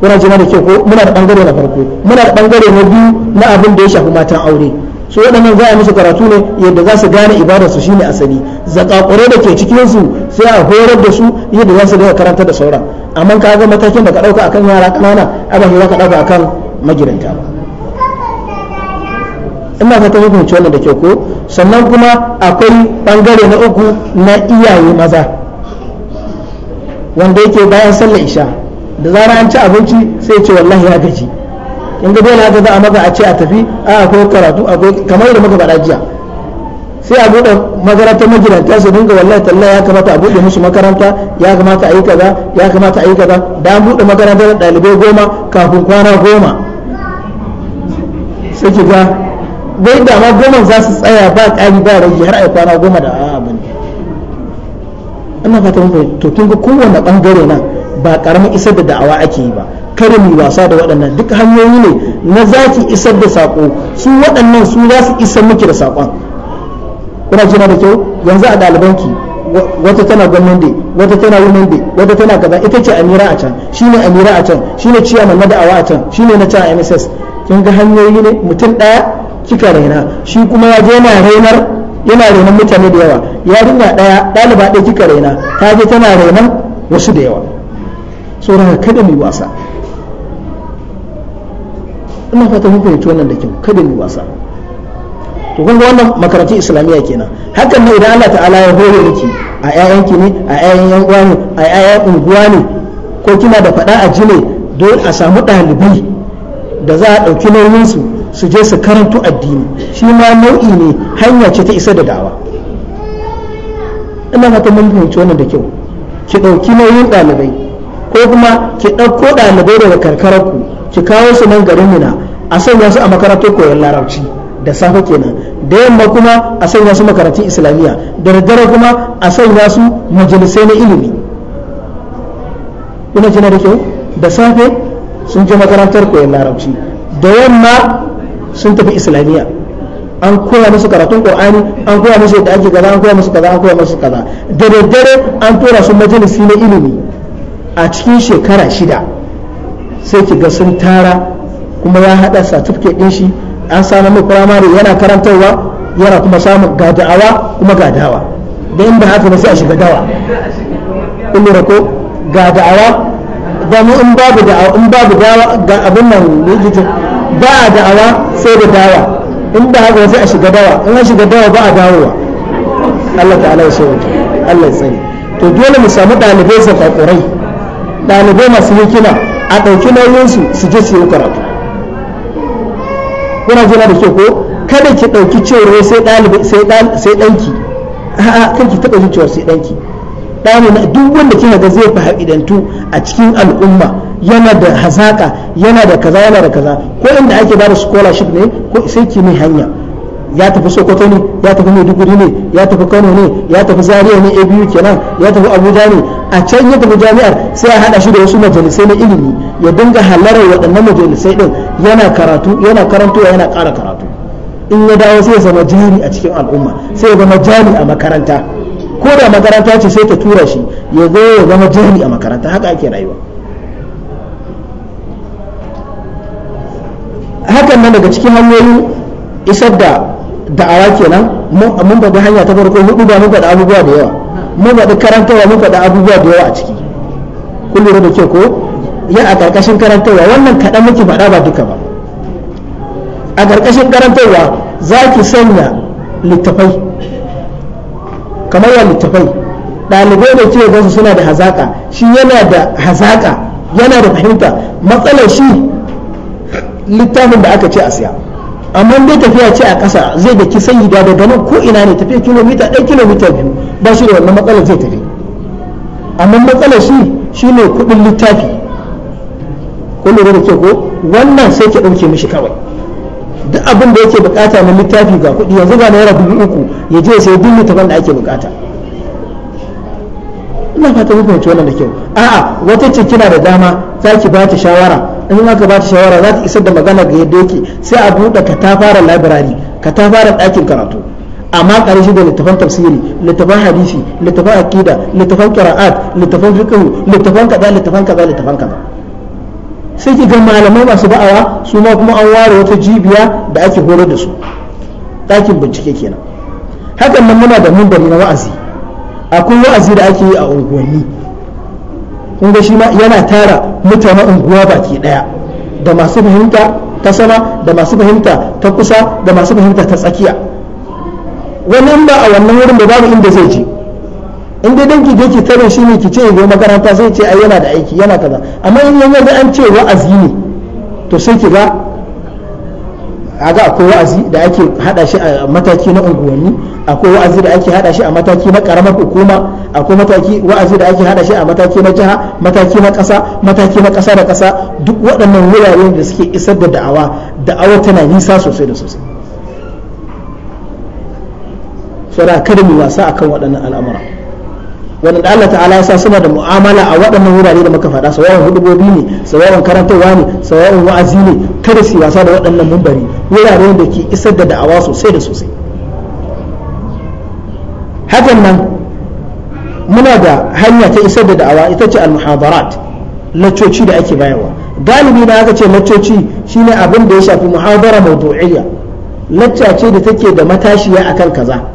kuna jina da kyau ko muna da bangare na farko muna da bangare na biyu na abin da ya shafi matan aure su waɗannan za a musu karatu ne yadda za su gane ibadar su shine asali zakakure da ke cikin su sai a horar da su yadda za su daga karanta da sauran amma ka ga matakin da ka ɗauka akan yara ƙanana a ba za ka ɗauka akan magidanta ba ina ta hukunci wannan da ke ko sannan kuma akwai bangare na uku na iyaye maza wanda yake bayan sallar isha da zara an ci abinci sai ce wallahi ya gaji in ga dole haka za a maza a ce a tafi a akwai karatu akwai kamar da muka faɗa jiya sai a buɗe makaranta magidanta su dinga wallahi talla ya kamata a buɗe musu makaranta ya kamata a yi kaza ya kamata a yi kaza da an buɗe makaranta da ɗalibai goma kafin kwana goma sai ki ga bai da ma goma za su tsaya ba ƙari ba rage har a kwana goma da abu ne ina fata mun to kun ga kowanne bangare nan ba karamin isar da da'awa ake yi ba kada mu wasa da waɗannan duk hanyoyi ne na zaki isar da saƙo su waɗannan su za su isar miki da saƙon kuna jira da kyau yanzu a ɗalibanki wata tana gwamnan da wata tana women day wata tana kaza ita ce amira a can shine amira a can shine ciyaman na da'awa a can shine na can a mss kin ga hanyoyi ne mutum ɗaya kika raina shi kuma ya je yana rainar yana rainar mutane da yawa yarinya ɗaya ɗaliba ɗaya kika raina ta je tana rainar wasu da yawa saboda kada mu wasa ina fata mun fahimci wannan da kyau kada mu wasa to kun ga wannan makarantun islamiyya kenan hakan ne idan Allah ta'ala ya hore miki a ki ne a ƴaƴan yan uwa ne a ƴaƴan unguwa ne ko kina da fada a ji ne don a samu ɗalibai da za a ɗauki nauyin su su je su karanto addini shi ma nau'i ne hanya ce ta isa da dawa ina fata mun fahimci wannan da kyau ki ɗauki nauyin ɗalibai ko kuma ki ɗauko ɗalibai daga karkararku ki kawo su nan garin na, a sanya su a makarantar koyon larabci da safe kenan da yamma kuma a sanya su makarantun islamiyya da daddare kuma a sanya su majalisai na ilimi ina jina da kyau da safe sun je makarantar koyon larabci da yamma sun tafi islamiyya an koya musu karatun qur'ani an koya musu yadda ake kaza an koya musu kaza an koya musu kaza da daddare an tura su majalisi na ilimi a cikin shekara shida sai ki ga sun tara kuma ya haɗa certificate din shi an samu mai firamare yana karantarwa yana kuma samun gada'awa kuma gadawa da inda haka ba sai a shiga dawa in lura ko gadawa mu in babu da'awa in babu dawa ga abin nan likitin ba a da'awa sai da dawa in ba haka sai a shiga dawa in an shiga dawa ba a dawowa Allah ta'ala ya sauke Allah ya sani to dole mu samu ɗalibai zakakurai ɗalibai masu hikima a ɗauki nauyinsu su je su yi karatu kuna jina da ke ko kada ki ɗauki cewar sai ɗalibi sai ɗanki a'a kan ki taɓa jin cewar sai ɗanki ɗani na duk wanda kina ga zai fi fa'idantu a cikin al'umma yana da hazaka yana da kaza yana da kaza ko inda ake bada scholarship ne ko sai ki mai hanya ya tafi sokoto ne ya tafi maiduguri ne ya tafi kano ne ya tafi zaria ne abu kenan ya tafi abuja ne a can ya tafi jami'ar sai a hada shi da wasu majalisai na ilimi ya dinga halarar waɗannan majalisai din yana karatu yana karantowa yana ƙara karatu in ya dawo sai ya zama jari a cikin al'umma sai ya zama jari a makaranta ko da makaranta ce sai ta tura shi ya zo ya zama jari a makaranta haka ake rayuwa hakan nan daga cikin hanyoyin isar da da'awa kenan mun ba hanya ta farko hudu ba mun faɗa abubuwa da yawa mu faɗi karantarwa mu faɗi abubuwa da yawa a ciki kun lura da ke ko ya a ƙarƙashin karantarwa wannan kaɗan muke faɗa ba duka ba a ƙarƙashin karantarwa za ki sanya littafai kamar ya littafai ɗalibai da ke gansu suna da hazaƙa shi yana da hazaƙa yana da fahimta matsalar shi littafin da aka ce a siya amma dai tafiya ce a ƙasa zai da ki sanyi da daga nan ko ina ne tafiya kilomita ɗaya kilomita biyu ba shi da wannan matsalar zai tafi amma matsalar shi ne kuɗin littafi ko lura da ke ko wannan sai ki ɗauke mishi kawai duk abin da yake bukata na littafi ga kuɗi yanzu ga naira dubu uku ya je sai duk littafin da ake bukata ina fata muku wannan da kyau a'a wata ce kina da dama za ki ba ta shawara in ka ba ta shawara za ta isar da magana ga yadda yake sai a buɗe ka ta fara labirari ka ta fara ɗakin karatu amma ƙarshe da littafan tafsiri littafan hadisi littafan akida littafan qira'at littafan fiqh littafan kaza littafan kaza littafan kaza sai ki ga malamai masu ba'awa su ma kuma an ware wata jibiya da ake horar da su ɗakin bincike kenan hakan nan muna da mimbari na wa'azi akwai wa'azi da ake yi a unguwanni kun ga shi ma yana tara mutanen unguwa baki daya da masu fahimta ta sama da masu fahimta ta kusa da masu fahimta ta tsakiya Wani ba a wannan wurin da babu inda zai je in dai danki da yake tarin shi ne ki ce zo makaranta sai ce ai yana da aiki yana kaza amma in yanzu an ce wa'azi ne to sai ki ga aga akwai wa'azi da ake hada shi a mataki na unguwanni akwai wa'azi da ake hada shi a mataki na karamar hukuma akwai wa'azi da ake hada shi a mataki na jiha mataki na kasa mataki na kasa da kasa duk waɗannan wurare da suke isar da da'awa da'awa tana nisa sosai da sosai saboda kada mu wasa akan waɗannan al'amura Wani da Allah ta'ala ya sa suna da mu'amala a waɗannan wurare da muka faɗa sawawan hudubobi ne sawawan karantarwa ne sawawan wa'azi ne kada su wasa da waɗannan mumbari wurare da ke isar da da'awa sosai da sosai hakan nan muna da hanya ta isar da da'awa ita ce al-muhadarat laccoci da ake bayarwa galibi na aka ce laccoci shine abin da ya shafi muhadara mawdu'iyya lacca ce da take da matashiya akan kaza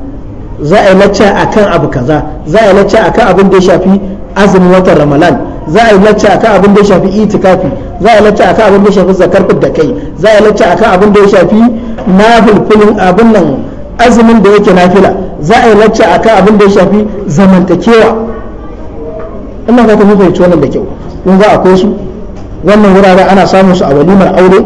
za a yi lacca akan abu kaza za a yi lacca akan abin da ya shafi azumin watan ramalan za a yi lacca akan abin da ya shafi itikafi za a yi lacca akan abin da ya shafi zakar da kai za a yi lacca akan abin da ya shafi nafilfilin abin nan azumin da yake nafila za a yi lacca akan abin da ya shafi zamantakewa ina ka kuma fahimci wannan da kyau kun a akwai su wannan wuraren ana samun su a walimar aure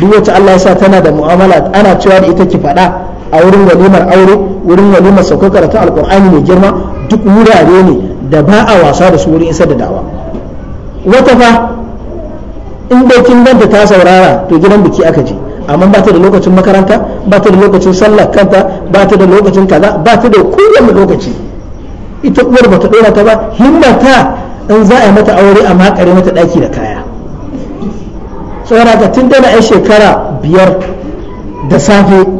duk wacce Allah ya sa tana da mu'amala ana cewa da ita ki faɗa a wurin walimar aure wurin walimar saukar karatu alkur'ani mai girma duk wurare ne da ba a wasa da su wurin isar da dawa wata fa in dai kin ta saurara to gidan biki aka je amma ba ta da lokacin makaranta ba ta da lokacin sallar kanta ba ta da lokacin kaza ba ta da kowane lokaci ita uwar ba ta dora ta ba himmata in za a yi mata aure a makare mata daki da kaya tsoraka tun tana yan shekara biyar da safe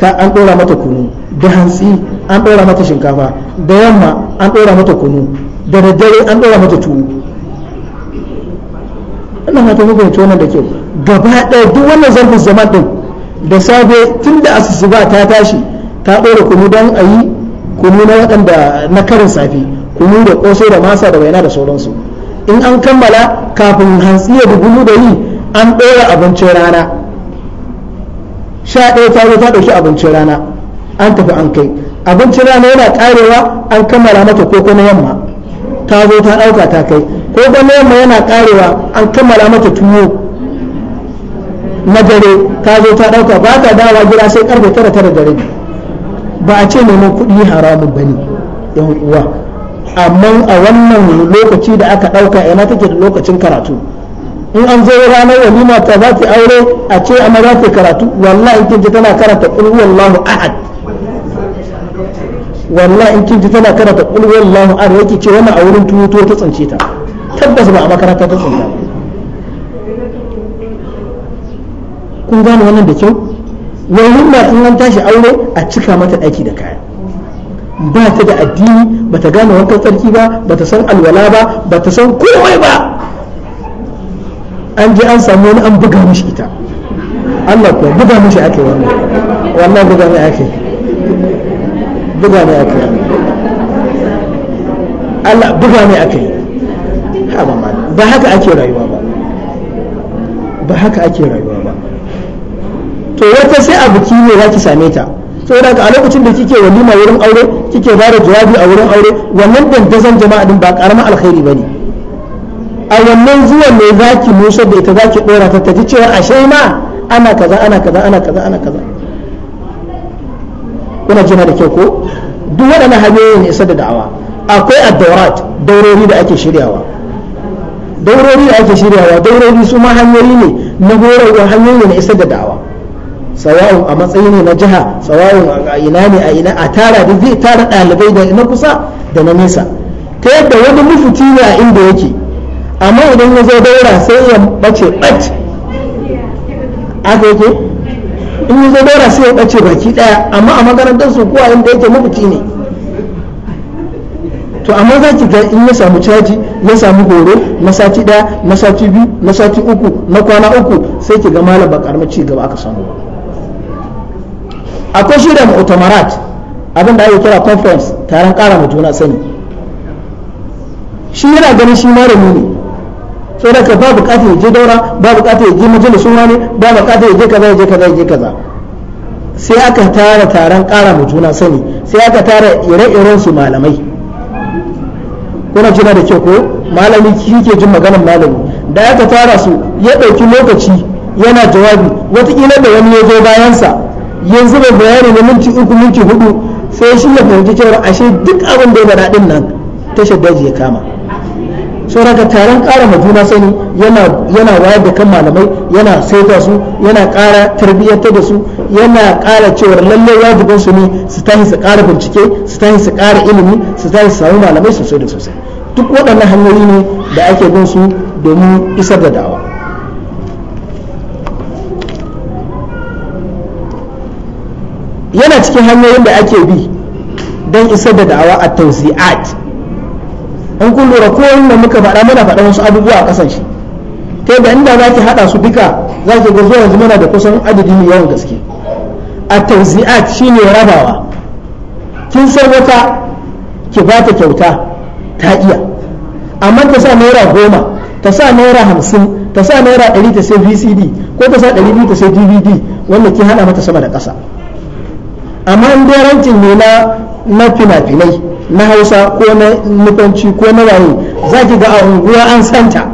ta an ɗora mata kunu da hantsi an ɗora mata shinkafa da yamma an ɗora mata kunu da daddare an ɗora mata tuwo ina mata mugun wannan da kyau gaba ɗaya duk wannan zarfin zaman ɗin da safe tun da ba ta tashi ta ɗora kunu don a yi kunu na waɗanda na karin safe kunu da ƙoso da masa da waina da sauransu in an kammala kafin hantsi ya dubu da yi an ɗora abincin rana sha ɗaya ta zo ta ɗauki abincin rana an tafi an kai abincin rana yana ƙarewa an kammala mata koko na yamma ta zo ta ɗauka ta kai ko kuma yamma yana ƙarewa an kammala mata tuwo na dare ta zo ta ɗauka ba ta dawa gida sai ƙarfe tara tara dare, ba a ce neman kuɗi haramun ba ne yan uwa amma a wannan lokaci da aka ɗauka ina take da lokacin karatu in an zo ranar walima ta za ta aure a ce amma za ta karatu wallahi in kin ji tana karanta qul huwallahu ahad wallahi in kin ji tana karanta qul huwallahu ahad yake ce wannan a wurin tuwo ta tsince ta tabbas ba a makaranta ta tsinta kun gane wannan da kyau walima in an tashi aure a cika mata aiki da kaya ba ta da addini ba ta gane wankan tsarki ba ba ta san alwala ba ba ta san komai ba an je an samu wani an buga mishi ita Allah kuwa buga mishi ake wannan wannan buga mai ake buga mai ake Allah buga mai ake haba ma ba haka ake rayuwa ba ba haka ake rayuwa ba to wata sai a biki ne za ki same ta saboda ka a lokacin da kike walima wurin aure kike fara jawabi a wurin aure wannan dandazon jama'a din ba karamar alkhairi bane a wannan zuwan ne za ki musa da ita za ki ɗora ta tafi cewa ashe ma ana kaza ana kaza ana kaza ana kaza kuna jina da kyau ko duk waɗannan ne isa da da'awa akwai addaurat daurori da ake shiryawa daurori da ake shiryawa daurori su ma hanyoyi ne na horarwa hanyoyi na isa da da'awa sawa'un a matsayi ne na jiha sawa'un a ina ne a ina a tara da zai tara ɗalibai da na kusa da na nesa ta yadda wani mafuti ne a inda yake amma idan ya zo daura sai ya bace bat aka yake in ya zo daura sai ya bace baki daya amma a makarantar su kuwa inda yake mabuki ne to amma za ki ga in ya samu caji ya samu horo na sati daya na sati biyu na sati uku na kwana uku sai ki ga malam ba karamar ci gaba aka samu akwai shirya mu'tamarat abin da ake kira conference taron kara ma juna sani shi yana ganin shi malami ne sai da ka ba bukata ya je daura ba bukata ya je majalisun wani ba bukata ya je kaza ya je kaza ya je kaza sai aka tara taron kara mu juna sani sai aka tara ire-iren su malamai kuna jina da kyau ko malami ki ke jin maganar malami da aka tara su ya ɗauki lokaci yana jawabi watakila da wani ya zo bayansa yanzu ba bayani na minti uku minti hudu sai shi ya fahimci cewa ashe duk abin da ya din nan tashar daji ya kama so daga taron ƙara ma juna sani yana wayar da kan malamai yana saita su yana ƙara tarbiyyanta da su yana ƙara cewar lallai wajibin su ne su tahi su ƙara bincike su tahi su ƙara ilimi su tahi su samu malamai sosai da sosai duk waɗannan hanyoyi ne da ake bin su domin isar da da'awa yana cikin hanyoyin da ake bi don isar da da'awa a tausi'at An kun lura ko wanda muka faɗa muna faɗa wasu abubuwa a ƙasan shi ta da inda za ki haɗa su duka za ki ga zuwa yanzu muna da kusan adadi mai yawan gaske a tauzi'at ne rabawa kin san wata ki ba ta kyauta ta iya amma ta sa naira goma ta sa naira hamsin ta sa naira ɗari ta sai vcd ko ta sa ɗari biyu ta sai dvd wanda ki haɗa mata sama da ƙasa amma in ne na fina-finai na hausa ko na nufanci ko na waye za ki ga a unguwa an santa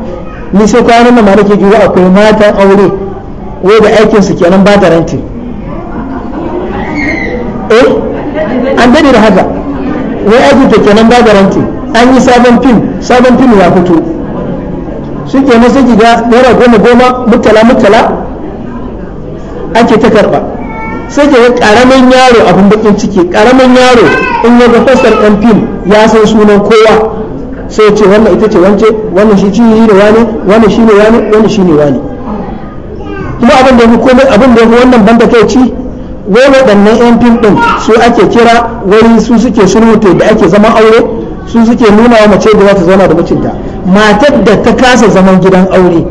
ni sai kwanan nan ma nake jira akwai matan aure wai da aikin su kenan ba da ranti eh an dade da haka wai aikin ta kenan ba da ranti an yi sabon fim sabon fim ya fito shi kenan sai ki ga naira goma goma mutala mutala ake ta karba sai ga karamin yaro abin bakin ciki karamin yaro in ya ga fostar ɗan fim ya san sunan kowa sai ce wannan ita ce wance wannan shi ciyi da wani wannan shi ne wani wannan shi ne wani kuma abin da ya fi komai abin da ya fi wannan banda kai ci wai waɗannan yan fim ɗin su ake kira wai su suke surute da ake zaman aure su suke nuna wa mace da za ta zauna da mijinta matar da ta kasa zaman gidan aure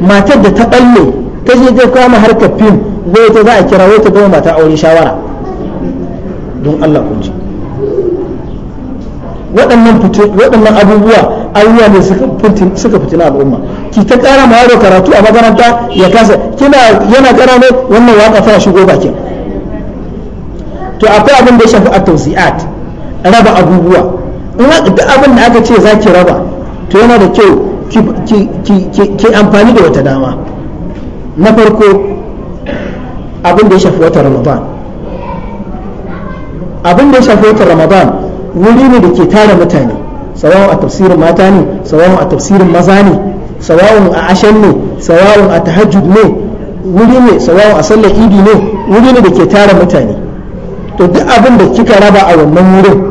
matar da ta ɓalle ta je ta kama harkar fim wai ta za a kira wata ta gama mata aure shawara don Allah kun ji waɗannan abubuwa abubuwa ne suka fitina al'umma ki ta ƙara ma yaro karatu a makaranta ya kasa kina yana ƙara ne wannan waka fara shigo bakin to akwai abin da ya shafi at-tawsi'at raba abubuwa in duk abin da aka ce za ki raba to yana da kyau ki amfani da wata dama na farko abin da ya shafi watan ramadan abin da ya shafi watan ramadan wuri ne da ke tara mutane sawawun a tafsirin mata ne sawawun a tafsirin maza ne sawawun a ashen ne sawawun a tahajjud ne wuri ne sawawun a sallar idi ne wuri ne da ke tara mutane to duk abin da kika raba a wannan wurin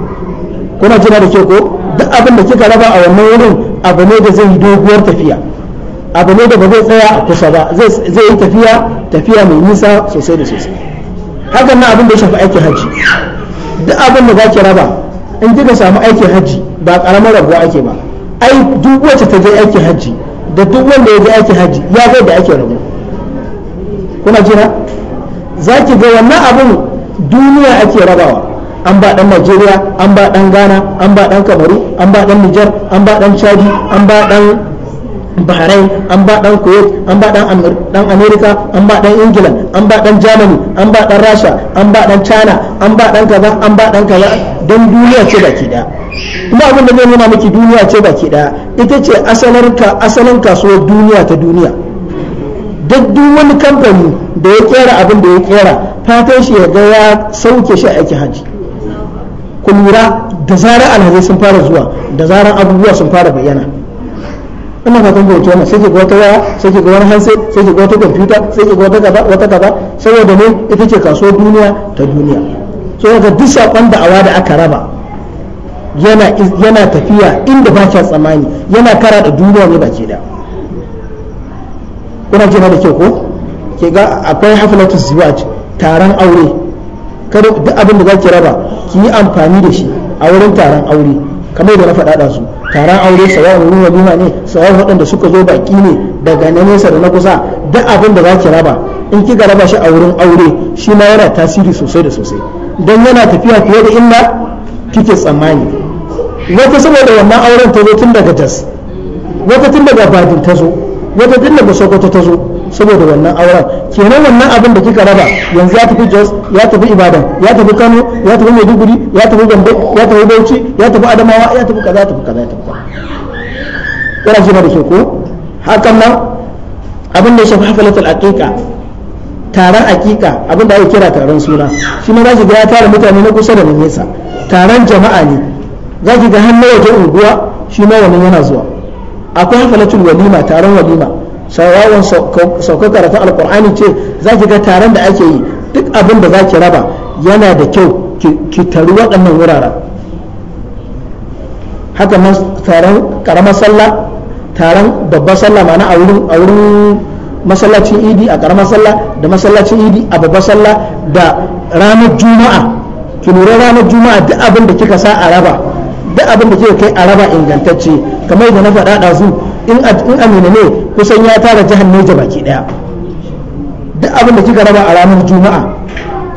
kuna jira da ke ko duk abin da kika raba a wannan wurin abu ne da zai yi doguwar tafiya abu ne da ba zai tsaya a kusa ba zai yi tafiya tafiya mai nisa sosai da sosai hakan na abin da ya shafi aikin hajji duk abin da zaki raba in kika samu aikin hajji ba karamar rabuwa ake ba ai duk wacce ta je aikin hajji da duk wanda ya je aikin hajji ya ga da ake rabu kuna jira zaki ga wannan abin duniya ake rabawa an ba dan Najeriya an ba dan Ghana an ba dan Kamaru an ba dan Niger an ba dan Chadi an ba dan bahrain an ba dan kuwait an ba dan dan america an ba dan ingila an ba dan germany an ba dan rasha an ba dan china an ba dan kaza an ba dan kaza dan duniya ce baki da kuma abin da zai nuna miki duniya ce baki da ita ce asalin ka asalin kasuwar duniya ta duniya duk duk wani kamfani da ya kera abin da ya kera fatan shi ya ga ya sauke shi aiki haji ku lura da zarar alhazai sun fara zuwa da zarar abubuwa sun fara bayyana ina fatan ga wannan sai ki ga wata waya sai ki ga wani hanse sai ki ga wata kwamfuta sai ki wata gaba wata gaba saboda ne ita ce kasuwar duniya ta duniya ga duk da awa da aka raba yana yana tafiya inda ba kya tsammani yana kara da duniya ne baki da kuna ji da kyau ko ke ga akwai haflatu ziwaj taron aure kada duk abin da zaki raba ki yi amfani da shi a wurin taron aure kamar da na faɗa da su taron aure sawa'un ruwa nuna ne sawa'un waɗanda suka zo baki ne daga na nesa da na kusa duk abin da za ki raba in kika raba shi a wurin aure shi ma yana tasiri sosai da sosai don yana tafiya fiye da inda kike tsammani wata saboda wannan auren ta zo tun daga jas wata tun daga badin ta zo wata tun daga sokoto ta zo saboda wannan auren kenan wannan abin da kika raba yanzu ya tafi jos ya tafi ibadan ya tafi kano ya tafi maiduguri ya tafi gambe ya tafi bauchi ya tafi adamawa ya tafi kaza ya tafi kaza ya tafi kaza kana jina da ke ko hakan nan abin da ya shafi hafalatul aqiqa taron aqiqa abin da ake kira taron suna shi ma za ki ga ya tara mutane na kusa da na nesa taron jama'a ne za ki ga hannu waje unguwa shi ma wannan yana zuwa akwai hafalatul walima taron walima sauraron saukar karatun alkur'ani ce za ki ga taron da ake yi duk abin da za ki raba yana da kyau ki taru waɗannan wuraren haka nan taron karamar sallah taron babbar sallah ma'ana a wurin masallacin idi a karamar sallah da masallacin idi a babbar sallah da ranar juma'a ki lura ranar juma'a duk abin da kika sa a raba duk abin da kika kai a raba ingantacce kamar yadda na faɗa ɗazu in amina ne kusan ya tara jihar neja baki ɗaya duk abin da kika raba a ranar juma'a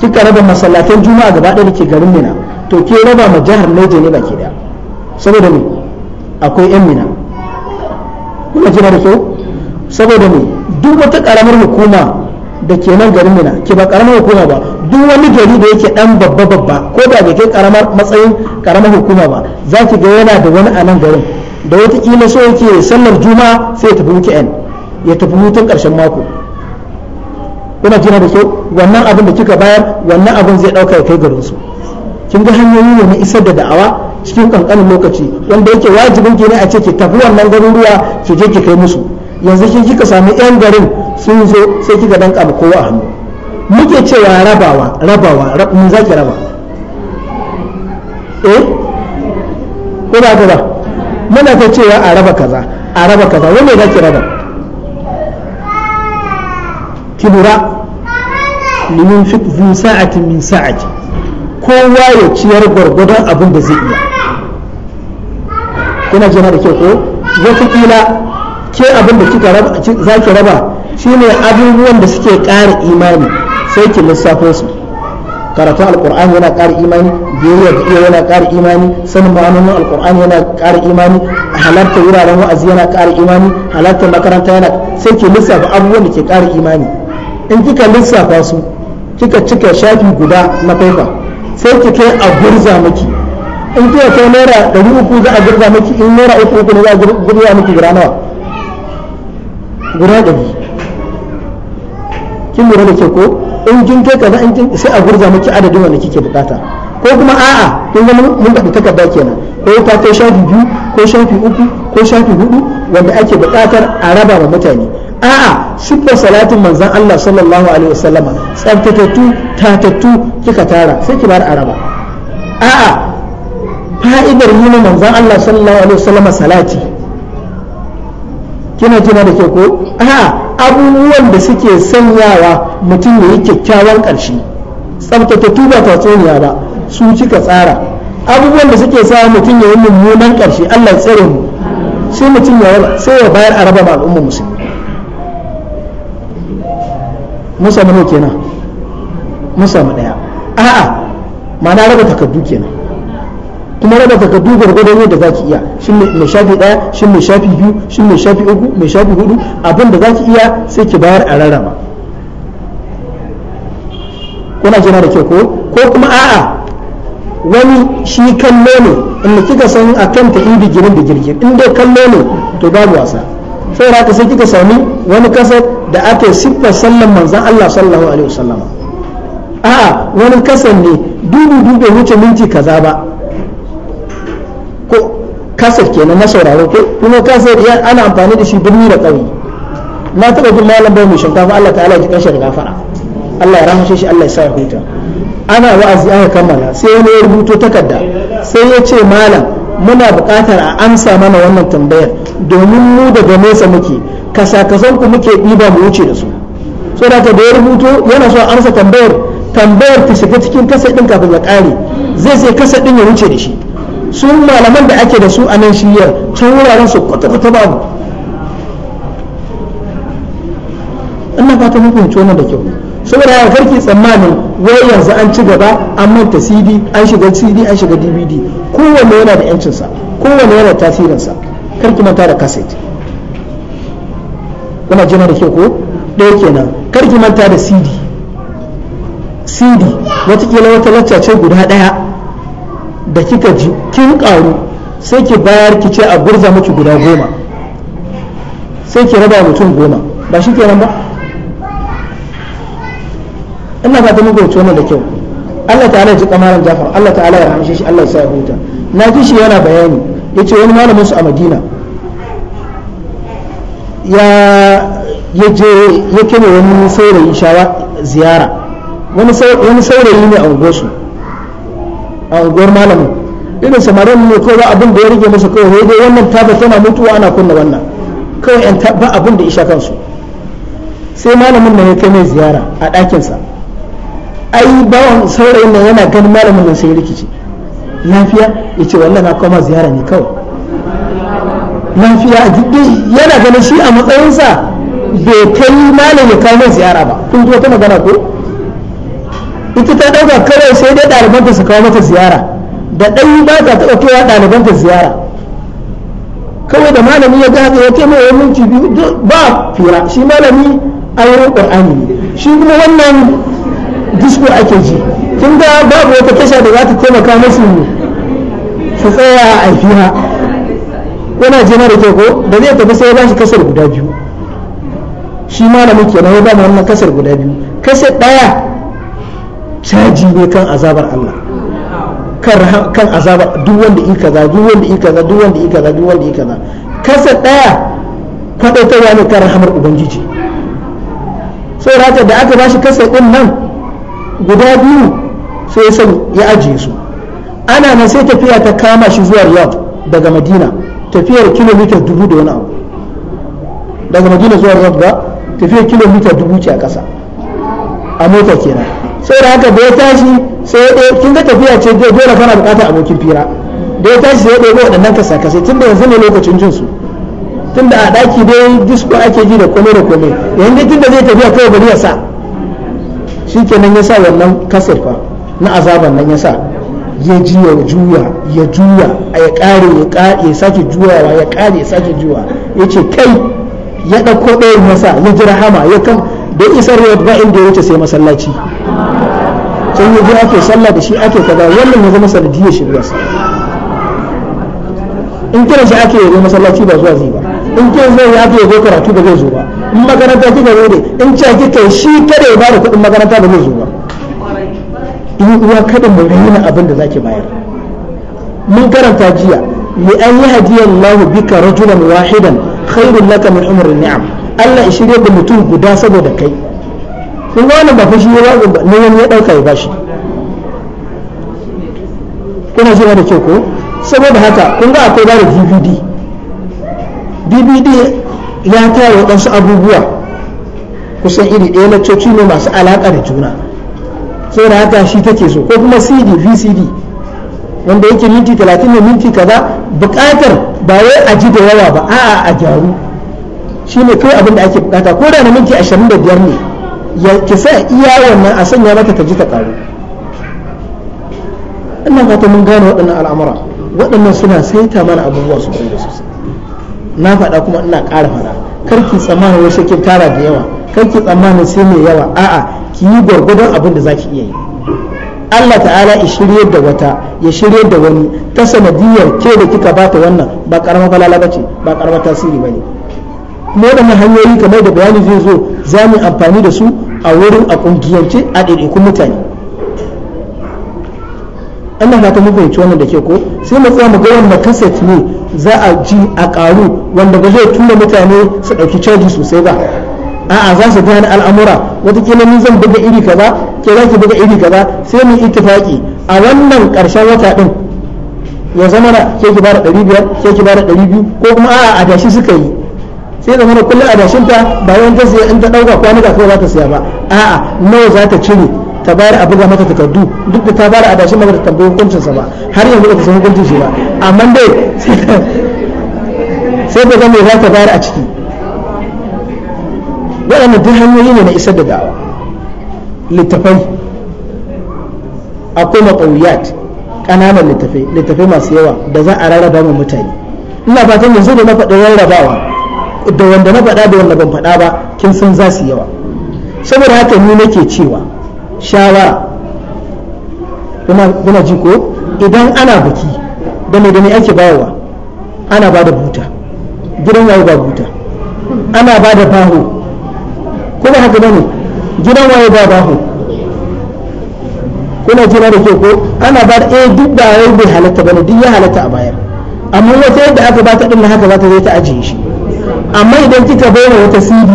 kika raba masallatan juma'a gaba ɗaya da ke garin mina to ke raba ma jihar Niger ne baki daya saboda me akwai yan mina kuma jira da kyau saboda me duk wata karamar hukuma da ke nan garin mina ke ba karamar hukuma ba duk wani gari da yake dan babba babba ko da bai kai karamar matsayin karamar hukuma ba za ki ga yana da wani a nan garin da wata kila so yake sallar juma'a sai ya tafi weekend ya tafi hutun karshen mako kuna jina da kyau wannan abin da kika bayar wannan abin zai dauka ya kai garin su kin ga hanyoyi ne na isar da da'awa cikin kankanin lokaci wanda yake wajibin ki ne a ce ki tafi wannan garuruwa ki je ki kai musu yanzu kin kika samu yan garin sun zo sai kika danka ba kowa a hannu muke cewa rabawa rabawa mun zaki raba eh ko ba ba muna ta cewa a raba kaza a raba kaza wanda zaki raba kibura لينفق fi ساعة من min كوا kowa ya ciyar gwargwadon abin da zai kuna jira da kyau ko watakila ke abin da kika raba shine abubuwan da suke ƙara imani sai ki lissafo su karatun Alƙur'ani yana ƙara imani biyayya da iya yana ƙara imani sanin ma'anonin alkur'ani yana ƙara imani halarta wuraren wa'azi yana ƙara imani halarta makaranta yana sai ke lissafa abubuwan da ke ƙara imani in kika lissafa su kika cika shafi guda na faifa sai ki kai a gurza miki in kika kai naira ɗari uku za a gurza miki in naira uku uku ne za a gurza miki guda nawa guda ɗari kin lura da ke ko in kin kai kaza in kin sai a gurza miki adadin wanda kike bukata ko kuma a'a kin ga mun faɗi takarda kenan ko ta kai shafi biyu ko shafi uku ko shafi hudu wanda ake bukatar a raba wa mutane a'a siffar salatin manzan Allah sallallahu alaihi wasallama tsaftatattu tatattu kika tara sai ki bar araba a'a fa'idar yi manzan Allah sallallahu alaihi wasallama salati kina jina da ke ko a'a abubuwan da suke sanyawa mutum ya yi kyakkyawan ƙarshe tsaftatattu ba ta tsoniya ba su kika tsara abubuwan da suke sa mutum ya yi mummunan ƙarshe Allah ya tsare mu sai mutum ya sai ya bayar araba ma al'ummar musulmi Musa mu nawa kenan musa mu daya a'a ma'ana raba takardu kenan kuma raba takardu gargadon yadda za ki iya shin mai shafi daya shin mai shafi biyu shin mai shafi uku mai shafi hudu abin da za ki iya sai ki bayar a rarraba kuna jina da kyau ko ko kuma a'a wani shi kallo ne inda kika san akan ta in da digirgir in dai kallo ne to babu wasa saboda haka sai kika sami wani kasar da ake siffar sallan manzan Allah sallallahu alaihi wasallam a'a wani kasar ne dubu dubu wuce minti kaza ba ko kasar kenan na sauraro ko kuma kasar ya ana amfani da shi birni da ƙauye na taɓa bin malam bai mai shinkafa Allah ta'ala ya kanshi da gafara Allah ya rahmashe shi Allah ya sa ya huta ana wa'azi aka kammala sai wani ya rubuto takarda sai ya ce malam muna buƙatar a amsa mana wannan tambayar domin mu daga nesa muke kasakasan ku muke ɗiba mu wuce da su so da ka da ya rubuto yana so amsa tambayar tambayar ta shiga cikin kasa ɗin kafin ya ƙare zai sai kasa ɗin ya wuce da shi su malaman da ake da su a nan shiyar tun wuraren su kwata-kwata babu ina fata muku wannan da kyau saboda ya farki tsammanin wai yanzu an ci gaba an manta cd an shiga cd an shiga dvd kowanne yana da yancinsa kowanne yana da tasirinsa karki manta da cassette kuma jina da ke ko ɗaya kenan karki manta da cd cd watakila wata lacca guda ɗaya da kika ji kin ƙaru sai ki bayar ki ce a gurza miki guda goma sai ki raba mutum goma ba shi kenan ba ina ba ta mugoci wannan da kyau Allah ta'ala ya ji kamaran Jafar Allah ta'ala ya rahamshe shi Allah ya sa ya huta na ji shi yana bayani yace wani malamin su a Madina ya ya je ya kene wani saurayi shawa ziyara wani saurayi ne a unguwarsu a unguwar malamin irin samarin ne ko ba abin da ya rage masa kawai sai dai wannan taba tana mutuwa ana kunna wannan kawai yan ba abin da isha kansu sai malamin nan ya kai ziyara a ɗakinsa ai bawan saurayin nan yana ganin malamin da sai rikici lafiya ya ce wallahi na koma ziyara ne kawai lafiya eh, yana ganin shi a matsayinsa bai kai malam ya kawo ziyara ba kun ji wata magana ko ita ta dauka kawai sai dai ɗalibanta su kawo mata ziyara da ɗan ba ta taɓa kaiwa ɗalibanta ziyara kawai da malami ya gaza ya kai mai minti biyu ba fira shi malami a wurin ƙur'ani shi kuma wannan disko ake ji kin ga babu wata tasha da za ta taimaka musu su tsaya a fiha yana na da ko da zai tafi sai ya bashi kasar guda biyu shi malamin kenan ya ba wannan kasar guda biyu kasar daya caji ne kan azabar Allah kan azabar duk wanda yi kaza duk wanda yi kaza duk wanda yi kaza duk wanda yi kaza kasar daya faɗaitarwa ne kan rahamar ubangiji sai da aka bashi kasar din nan guda biyu sai sai ya ajiye su ana nan sai tafiya ta kama shi zuwa riyadh daga madina tafiyar kilomita dubu da wani abu daga madina zuwa riyadh ba tafiyar kilomita dubu ce a ƙasa a mota kenan sai da haka da ya tashi sai ya kin ga tafiya ce dole kana bukatar abokin fira da ya tashi sai ya ɗauko waɗannan kasa kasa tun da yanzu ne lokacin jin su tun da a ɗaki dai disko ake ji da kome da kome yanzu tun da zai tafiya kawai bari ya sa shi kenan ya sa wannan kasar fa na azaban nan ya sa ya ji ya juya ya juya a ya kare ya kare ya sake juyawa ya kare ya sake juwa. ya ce kai ya ɗauko ya masa ya ji rahama ya kan da isar ya ba inda ya wuce sai masallaci can ya ji ake sallah da shi ake kaza wannan ya zama sanadiyar shirya sa in kira shi ake ya masallaci ba zuwa zai ba in kira zai ake ya karatu ba zai zo ba in makaranta kika zo ne in ce kai shi kada ya bada kuɗin makaranta ba zai zo ba in uwa kada mu raina abin da zaki bayar mun karanta jiya li an yi hadiyar lahu bika rajulan wahidan khairun laka min umrin ni'am Allah ya shirya da mutum guda saboda kai kun ga wannan ba fashi ya ba ne wani ya dauka ya bashi kuna jira da kyau ko saboda haka kun ga akwai bada DVD DVD ya tara waɗansu abubuwa kusan iri ɗaya coci ne masu alaƙa da juna sai da haka shi take so ko kuma cd vcd wanda yake minti talatin da minti kaza buƙatar ba wai a ji da yawa ba a'a a gyaru shi ne kawai abin da ake buƙata ko da na minti ashirin da biyar ne ya ki sa iya wannan a sanya mata ta ji ta ƙaru ina fata mun gane waɗannan al'amura waɗannan suna saita mana abubuwa su da sosai na faɗa kuma ina ƙara faɗa karki tsammanin wasu shekin tara da yawa karki tsammanin sai mai yawa a'a ki yi gwargwadon abin da za ki iya yi Allah ta'ala ya shirye da wata ya shirye da wani ta sanadiyar ke da kika bata wannan ba karama falala bace ba karama tasiri bane kuma wadannan hanyoyi kamar da bayani zai zo za mu amfani da su a wurin a kungiyance a ɗaiɗaikun mutane Allah na ta mu fahimci wannan da ke ko sai mu tsaya mu ga wannan kaset ne za a ji a ƙaru wanda ba zai tura mutane su ɗauki caji sosai ba a'a za su gane al'amura watakila ni zan buga iri kaza ke za ki buga iri kaza sai mu ittifaki a wannan ƙarshen wata ɗin ya zama na ke ki bara ɗari biyar ke ki bara ɗari biyu ko kuma a'a dashi suka yi sai zama na kullum ta ba wani ta siya in ta ɗauka kwanuka kawai za ta siya ba a'a nawa za ta cire ta bayar a buga mata takardu duk da ta bayar a dashin ba ta tambayi hukuncinsa ba har yanzu ba ta san hukuncin shi ba amma dai sai ka ga me za ta fara a ciki waɗanda duk hanyoyi ne na isar da dawa littafai akwai matsawiyat ƙananan littafai littafai masu yawa da za a rarraba mu mutane ina fatan yanzu da na faɗa rarrabawa da wanda na faɗa da wanda ban faɗa ba kin san za su yawa saboda haka ni nake cewa shawara kuna ji ko idan ana biki da mai da mai ake bayarwa ana ba da buta gidan waye ba buta ana ba da baho kuma ba haka bane gidan waye ba baho kuna jira da ke ko ana ba da eh duk da wai bai halatta bane duk ya halatta a bayar amma wata yadda aka ba ta din haka za ta zai ta ajiye shi amma idan kika bayyana wata CD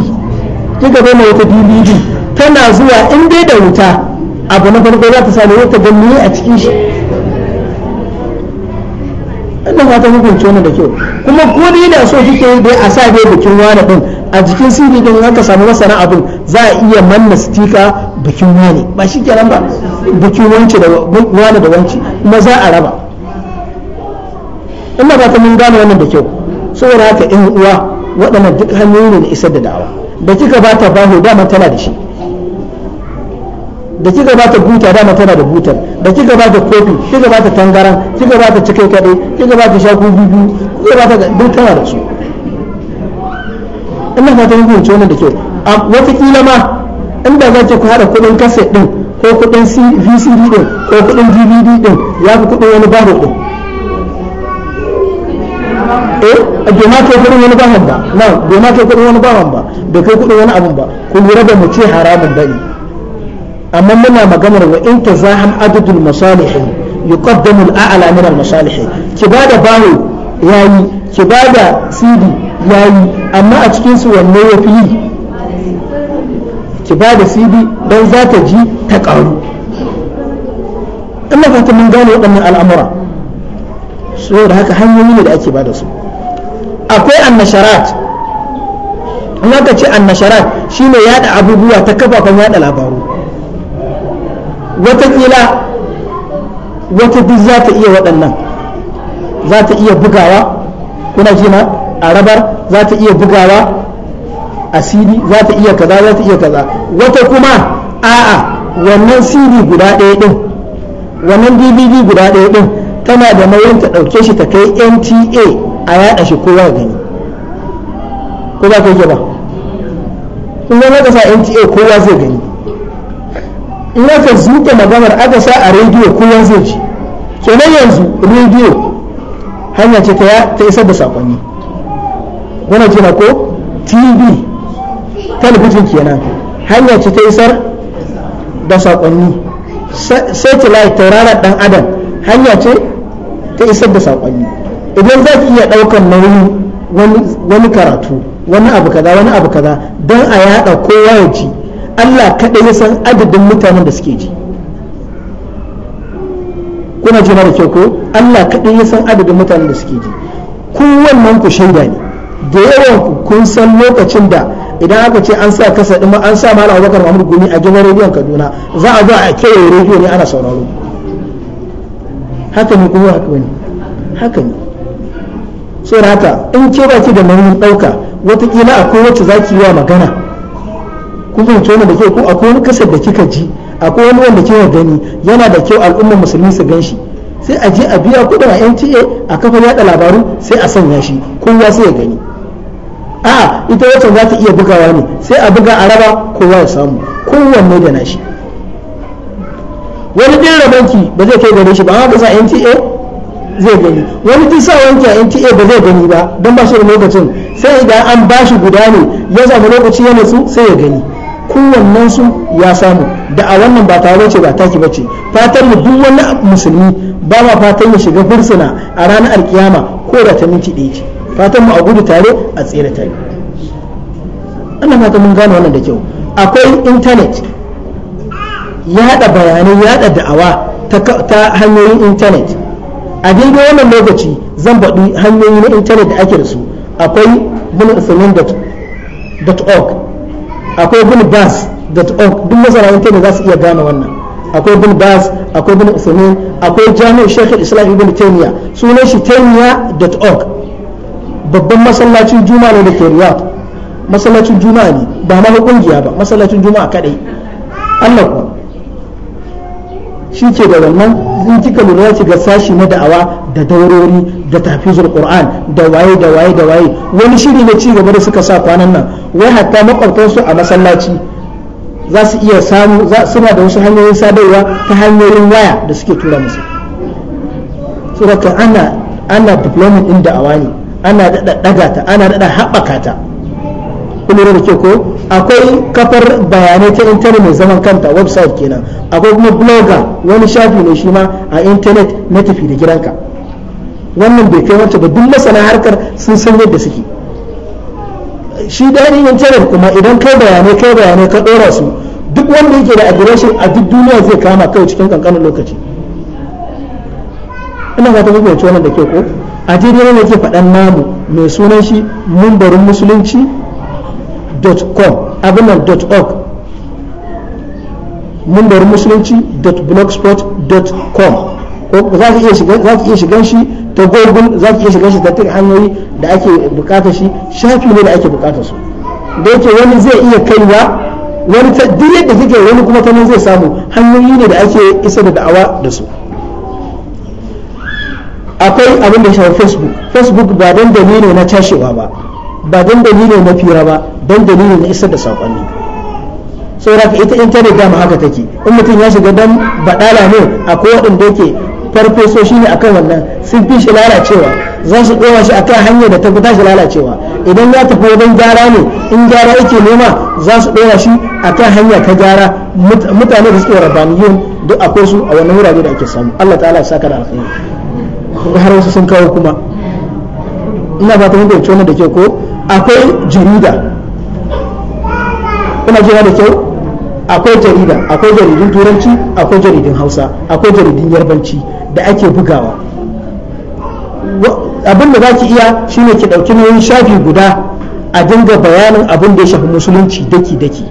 kika bayyana wata DVD tana zuwa in dai da wuta abu na farko za ta sami wata ganni a cikin shi ina fata hukunci da kyau kuma ko ni da so kike dai a sa dai bikin wani din a jikin sirri din aka samu masana abin za a iya manna stika bikin wani ba shi kenan ba bikin wanci da wani da wanci kuma za a raba ina ba ta mun gane wannan da kyau saboda haka in uwa waɗannan duk hanyoyi ne na isar da dawa da kika ba ta bahu dama tana da shi da ki gaba ta buta dama tana da butar da ki gaba ta kofi ki gaba ta tangaran ki gaba ta cike kaɗai ki gaba ta shaku biyu ki gaba ta duk tana da su ina fata mun fahimci wannan da wata watakila ma inda za ki ku haɗa kudin kaset ɗin ko kudin vcd ɗin ko kudin dvd ɗin ya fi kudin wani babu ɗin eh a gema ke kudin wani bawan ba na gema ke kudin wani bawan ba da kai kudin wani abun ba ku lura da mu ce haramun da'i amma muna maganar wa in zaham adadul masalihi yuqaddamu al min al-masalihi ki bada bawo yayi ki bada cd yayi amma a cikin su wanne yafi yi ki bada cd dan za ta ji ta karu Allah fata mun gane waɗannan al'amura saboda haka hanyoyi ne da ake bada su akwai annasharat in ka ce annasharat shine yada abubuwa ta kafafen yada labaru watakila wata duk za ta iya waɗannan za ta iya bugawa kuna jina a rabar za ta iya bugawa a cd za ta iya kaza za ta iya kaza wata kuma a'a wannan cd guda ɗaya ɗin wannan dvd guda ɗaya ɗin tana da nauyin ta ɗauke shi ta kai nta a yaɗa shi kowa gani ko za ka yi ba kuma na ka sa nta kowa zai gani in aka maganar aka sa a rediyo yanzu zai ci kenan yanzu rediyo hanya ce ta isar da sakonni wannan ce na ko tv talabijin kenan hanya ce ta isar da sakonni satellite tauraron dan adam hanya ce ta isar da sakonni idan za ki iya daukan nauyi wani karatu wani abu kaza wani abu kaza don a yada kowa ya ci Allah kaɗai ya san adadin mutanen da suke ji kuna jina da kyau ko Allah kaɗai ya san adadin mutanen da suke ji kowannen ku shaida ne da yawan ku kun san lokacin da idan aka ce an sa kasa ɗin an sa mala abubakar mahmud gumi a gidan rediyon kaduna za a zo a kewaye rediyo ne ana sauraro haka ne kuma haka ne haka ne saboda haka in ke ki da nauyin ɗauka watakila akwai wacce za ki yi wa magana Ku fahimci wannan da ke ko akwai wani kasar da kika ji akwai wani wanda kika gani yana da kyau al'ummar musulmi su gan shi sai a je a biya kudin a NTA a kafar yada labaru sai a sanya shi kowa sai ya gani a ita wacce za ta iya bugawa ne sai a buga a raba kowa ya samu kowanne da nashi wani din rabanki ba zai kai gare shi ba amma ba sa NTA zai gani wani din sa wanki a NTA ba zai gani ba don ba shi da lokacin sai idan an ba shi guda ne ya zama lokaci ya natsu sai ya gani kowannen su ya samu da a wannan ba tare ce ba taki bace fatar mu duk wani musulmi ba ma fatan ya shiga fursuna a ranar alkiyama ko da ta minti ɗaya ce fatan mu a gudu tare a tsere tare ana fatan mun gane wannan da kyau akwai intanet yada bayanai yada da'awa ta hanyoyin intanet a dinga wannan lokaci zan baɗi hanyoyi na intanet da ake da su akwai bulletin.org akwai bin bas da oh, duk masana yanke ne za su iya gane wannan akwai bin bas akwai bin usamin akwai jami'in shekul islam ibn taimiya sunan shi taimiya.org babban masallacin juma'a ne da ke riyadh masallacin juma'a ne ba ma na kungiya ba masallacin juma'a kadai allah kuwa shi ke da wannan in kika lura ki ga sashi na da'awa da daurori da tafizul qur'an da waye da waye da waye wani shiri na ci gaba da suka sa kwanan nan wai hatta su a masallaci za su iya samu suna da wasu hanyoyin sadarwa ta hanyoyin waya da suke tura musu suraka ana ana diplomat din da'awa ne ana dada ɗaga ta ana daɗa haɓaka ta kuma da ke ko akwai kafar bayanai ta intanet mai zaman kanta website kenan akwai kuma blogger wani shafi ne shi ma a intanet na tafi da gidanka wannan bai kai wacce ba duk masana harkar sun san yadda suke shi daɗin intanet kuma idan kai bayanai kai bayanai ka ɗora su duk wanda yake da adireshin a duk duniya zai kama kai cikin kankanin lokaci ina ga ta mafi wannan da ke ko a daidai ne ke faɗan namu mai sunan shi mumbarin musulunci musulunci.com abinan .org mundar musulunci.blogspot.com ko za ka iya shigan shi ta google za ka iya shigan shi ta tiri hanyoyi da ake bukata shi shafi ne da ake bukata su da yake wani zai iya kaiwa wani ta duk yadda kike wani kuma ta nan zai samu hanyoyi ne da ake isa da da'awa da su akwai abin da shafi facebook facebook ba dan dalili na cashewa ba ba don dalilin na fira ba don dalilin na isar da saƙonni. saboda ita in ta riga dama haka take in mutum ya shiga dan baɗala ne a kowaɗin waɗanda yake so shi ne akan wannan sun fi shi lalacewa za su ɗora shi akan hanyar da ta fi tashi lalacewa idan ya tafi wajen gyara ne in gyara yake nema za su ɗora shi akan hanya ta gyara mutane da suke rabaniyun duk akwai su a wannan wurare da ake samu Allah ta'ala ya saka da alkhairi har wasu sun kawo kuma ina ba ta wanda da ke ko akwai jarida ina jira da kyau akwai jarida akwai jaridun turanci akwai jaridun hausa akwai jaridun yarbanci da ake bugawa abin da za ki iya shine ki ɗauki nauyin shafi guda a dinga bayanin abin da ya shafi musulunci daki daki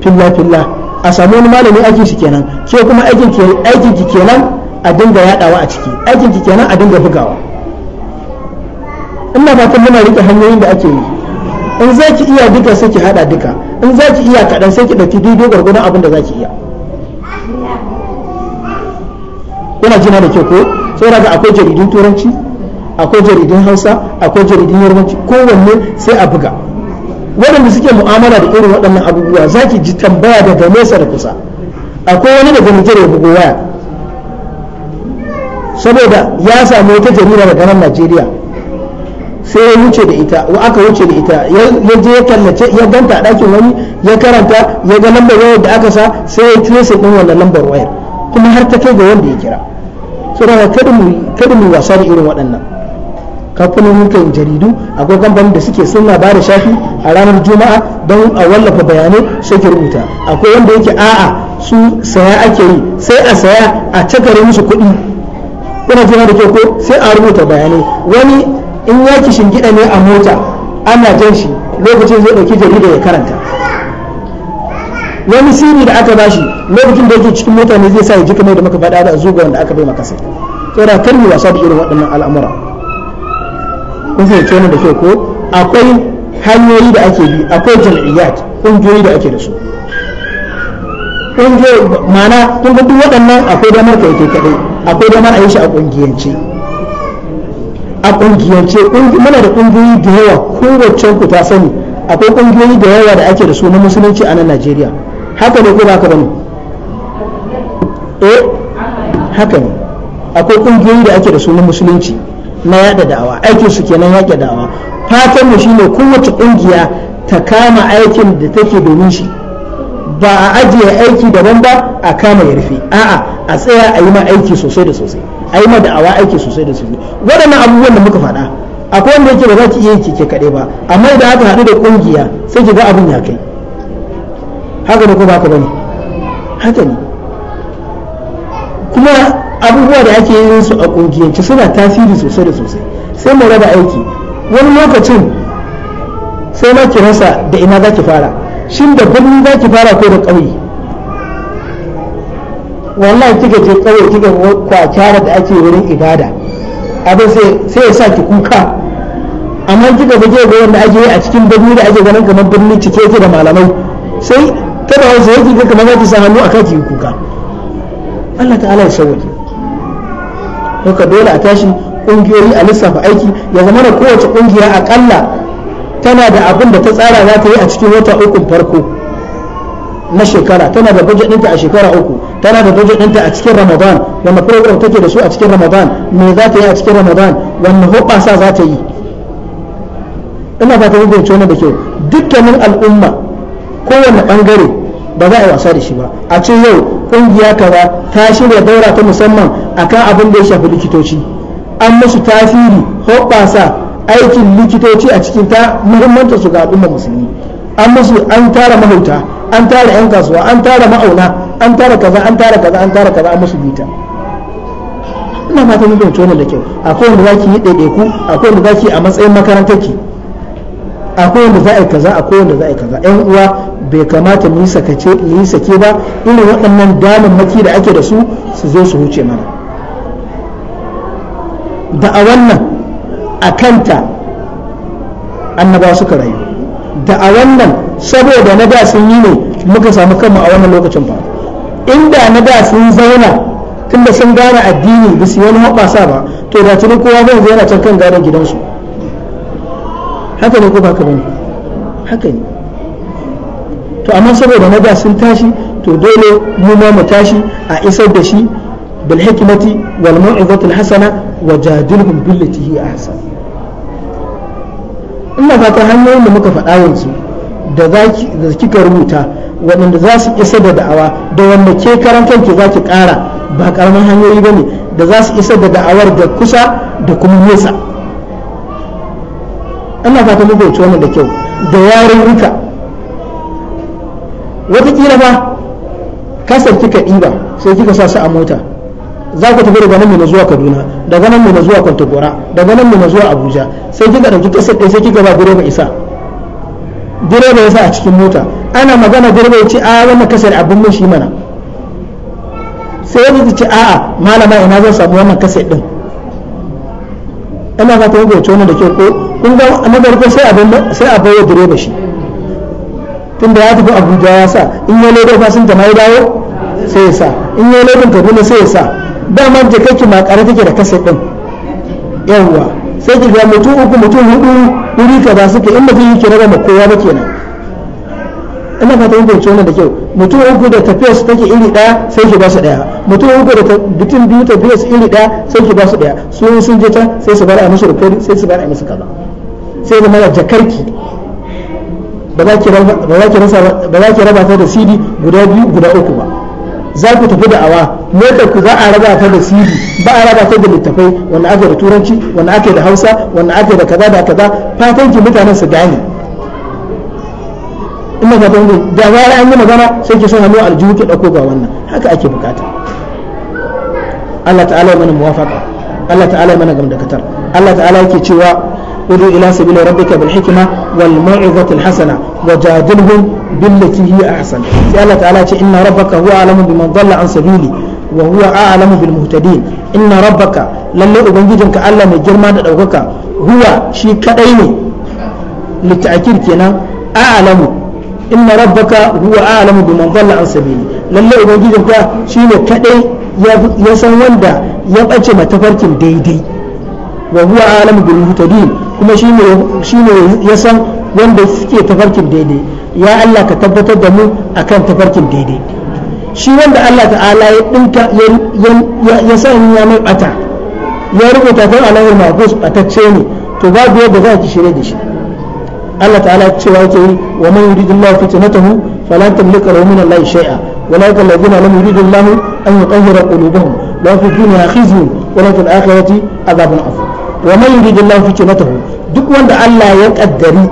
filla filla a samu wani malami aikin shi kenan ke kuma aikin ki kenan a dinga yadawa a ciki aikin ki kenan a dinga bugawa ina fatan muna rike hanyoyin da ake yi in za ki iya duka sai ki hada duka in za ki iya kaɗan sai ki ɗauki daidai gwargwadon abin da za ki iya yana jina da kyau ko sai daga akwai jaridun turanci akwai jaridun hausa akwai jaridun yarbanci kowanne sai a buga waɗanda suke mu'amala da irin waɗannan abubuwa za ki ji tambaya daga nesa da kusa akwai wani daga nijar ya bugo waya saboda ya samu wata jarida daga nan najeriya sai ya wuce da ita wa aka wuce da ita ya je ya kallace ya ganta a ɗakin wani ya karanta ya ga lambar wayar da aka sa sai ya trace din wannan lambar wayar kuma har ta kai ga wanda ya kira so daga kada mu wasa da irin waɗannan kamfanonin jaridu akwai kamfanin da suke suna ba shafi a ranar juma'a don a wallafa bayanai sai ki rubuta akwai wanda yake a'a su saya ake yi sai a saya a cakare musu kuɗi kuna jira da ke ko sai a rubuta bayanai wani in ya ci shingida ne a mota ana jan shi lokacin zai ɗauki jarida ya karanta wani sirri da aka bashi lokacin da yake cikin mota ne zai sa ya ji kamar da muka faɗa da zuwa wanda aka bai maka sai saboda kar mu wasa da irin waɗannan al'amura kun sai ce da kyau ko akwai hanyoyi da ake bi akwai jam'iyyat ƙungiyoyi da ake da su ƙungiyoyi ma'ana kun ga duk waɗannan akwai damar kai kai kaɗai akwai damar a yi shi a ƙungiyance a ƙungiyance muna da ƙungiyoyi da yawa kowace ku ta sani akwai ƙungiyoyi da yawa da ake da su na musulunci a nan najeriya haka ne ko ba ka bane eh haka ne akwai ƙungiyoyi da ake da su na musulunci na yada da'awa aikin su kenan yake da'awa fatan mu shine kowace ƙungiya ta kama aikin da take domin shi ba a ajiye aiki daban ba a kama ya rufe a'a a tsaya a yi ma aiki sosai da sosai a yi ma da'awa aiki sosai da sosai waɗannan abubuwan da muka faɗa akwai wanda yake ba za ki iya yi ke kaɗai ba amma idan aka haɗu da ƙungiya sai ki ga abin ya kai haka ne ko ba ka bane haka ne kuma abubuwa da ake yin su a ƙungiyance suna tasiri sosai da sosai sai mu raba aiki wani lokacin sai ma ki rasa da ina za ki fara shin da birni za ki fara ko da ƙauye wannan kika je kawai kika kwacara da ake wurin ibada abin sai ya sa ki kuka amma kika ga ga wanda ake yi a cikin birni da ake ganin kamar birni cike yake da malamai sai kada wasu yake ga kamar zaki sa hannu a kaki kuka Allah ta'ala ya sauke haka dole a tashi kungiyoyi a lissafa aiki ya zama da kowace kungiya akalla tana da abin da ta tsara za ta yi a cikin wata uku farko na shekara tana da budget ɗinta a shekara uku tana da budget ɗinta a cikin ramadan wanda program take da su a cikin ramadan me za ta yi a cikin ramadan wanda hoɓasa za ta yi ina ta yi gauce wani da kyau dukkanin al'umma kowane ɓangare ba za a yi wasa da shi ba a ce yau ƙungiya kaza ta shirya daura ta musamman a kan abin da ya shafi likitoci an musu tasiri hoɓasa aikin likitoci a cikin ta muhimmanci su ga al'umma musulmi an musu an tara mahauta an tara 'yan kasuwa an tara ma'auna an tara kaza an tara kaza an tara kaza an musu bita ina mata mun fahimci wannan da kyau akwai wanda zaki yi ɗaiɗaiku akwai wanda zaki a matsayin makarantar ki akwai wanda za a yi kaza akwai wanda za a yi kaza yan uwa bai kamata mu yi sakace mu yi sake ba irin waɗannan maki da ake da su su zo su huce mana da a wannan a kanta annabawa suka rayu da a wannan saboda na da sun yi ne muka samu kanmu a wannan lokacin ba inda na da sun zauna tunda sun gane addini ba su wani hoɓasa ba to da tuni kowa zai yana can kan gane gidansu haka ne ko ba ka bane haka ne to amma saboda na da sun tashi to dole mu ma mu tashi a isar da shi bil hikmati wal mu'izati al hasana jadilhum billati hi ahsan ina fata hanyoyin da muka faɗa yanzu da kika rubuta waɗanda za su isa da da'awa da wanda ke karan kanki za ki ƙara ba ƙaramin hanyoyi ba ne da za su isa da da'awar da kusa da kuma nesa ana fata muku yace wannan da kyau da yaren ruka wataƙila ba kasar kika ɗiba sai kika sa su a mota za ku tafi daga nan mai zuwa kaduna daga nan mai zuwa kwantagora daga nan mai zuwa abuja sai kika ɗauki kasar ɗaya sai kika ba direba isa direba ya sa a cikin mota ana magana direba ya ce a wannan kasar abin mun shi mana sai ya ce a'a malama ina zan samu wannan kasar din ina fata yadda ya tona da kyau ko kun ga na farko sai a ya direba shi tunda ya tafi abuja ya sa in ya lodo fasin ta mai dawo sai ya sa in ya lodon kaduna sai ya sa dama jikakki kare take da kasa din yawwa sai ki ga mutum uku mutum hudu wuri kaza suke in mutum yake raba ma kowa ba kenan ina fata yin fahimci da kyau mutum uku da tafiyar su take iri daya sai ki ba su daya mutum uku da mutum biyu tafiya su iri daya sai ki ba su daya su sun je can sai su bar a musu rukuri sai su bar a musu kaza sai zama da jakarki ba za ki raba ta da cd guda biyu guda uku ba za ku tafi da awa motar ku za a raba ta da cd ba a raba ta da littafai wanda ake da turanci wanda ake da hausa wanda ake da kaza da kaza fatan ki mutanen su gane ina ga dangu da gara an yi magana sai ki son hannu aljihu ki dauko ga wannan haka ake bukata Allah ta'ala ya mana muwafaqa Allah ta'ala ya mana gamdakatar Allah ta'ala yake cewa udu ila sabili rabbika bil hikma wal mau'izati al hasana wajadilhum billati hi ahsan sai Allah ta'ala ce inna rabbaka huwa alamu biman dalla an sabili wa huwa a'lamu bil muhtadin inna rabbaka lalle ubangijinka Allah mai girma da daukaka huwa shi kadai ne litakir kenan a'lamu inna rabbaka huwa a'lamu biman dalla an sabili lalle ubangijinka shine kadai ya san wanda ya bace matafarkin daidai wa huwa alam bil muhtadin kuma shine shine ya san wanda suke tafarkin daidai ya Allah ka tabbatar da mu akan tafarkin daidai shi wanda Allah ta'ala ya dinka ya san ya mai bata ya rubuta kan alawar mabus batacce ne to babu yadda za ki shirye da shi Allah ta'ala cewa yake yi wa man yuridullahu fitnatahu fala tamliku lahu min Allah shay'a ولكن الذين لم يريد الله أن يطهر قلوبهم لهم في الدنيا خزي ولهم في الآخرة عذاب عظيم wa man yuridillahu fitnatahu duk wanda Allah ya kaddari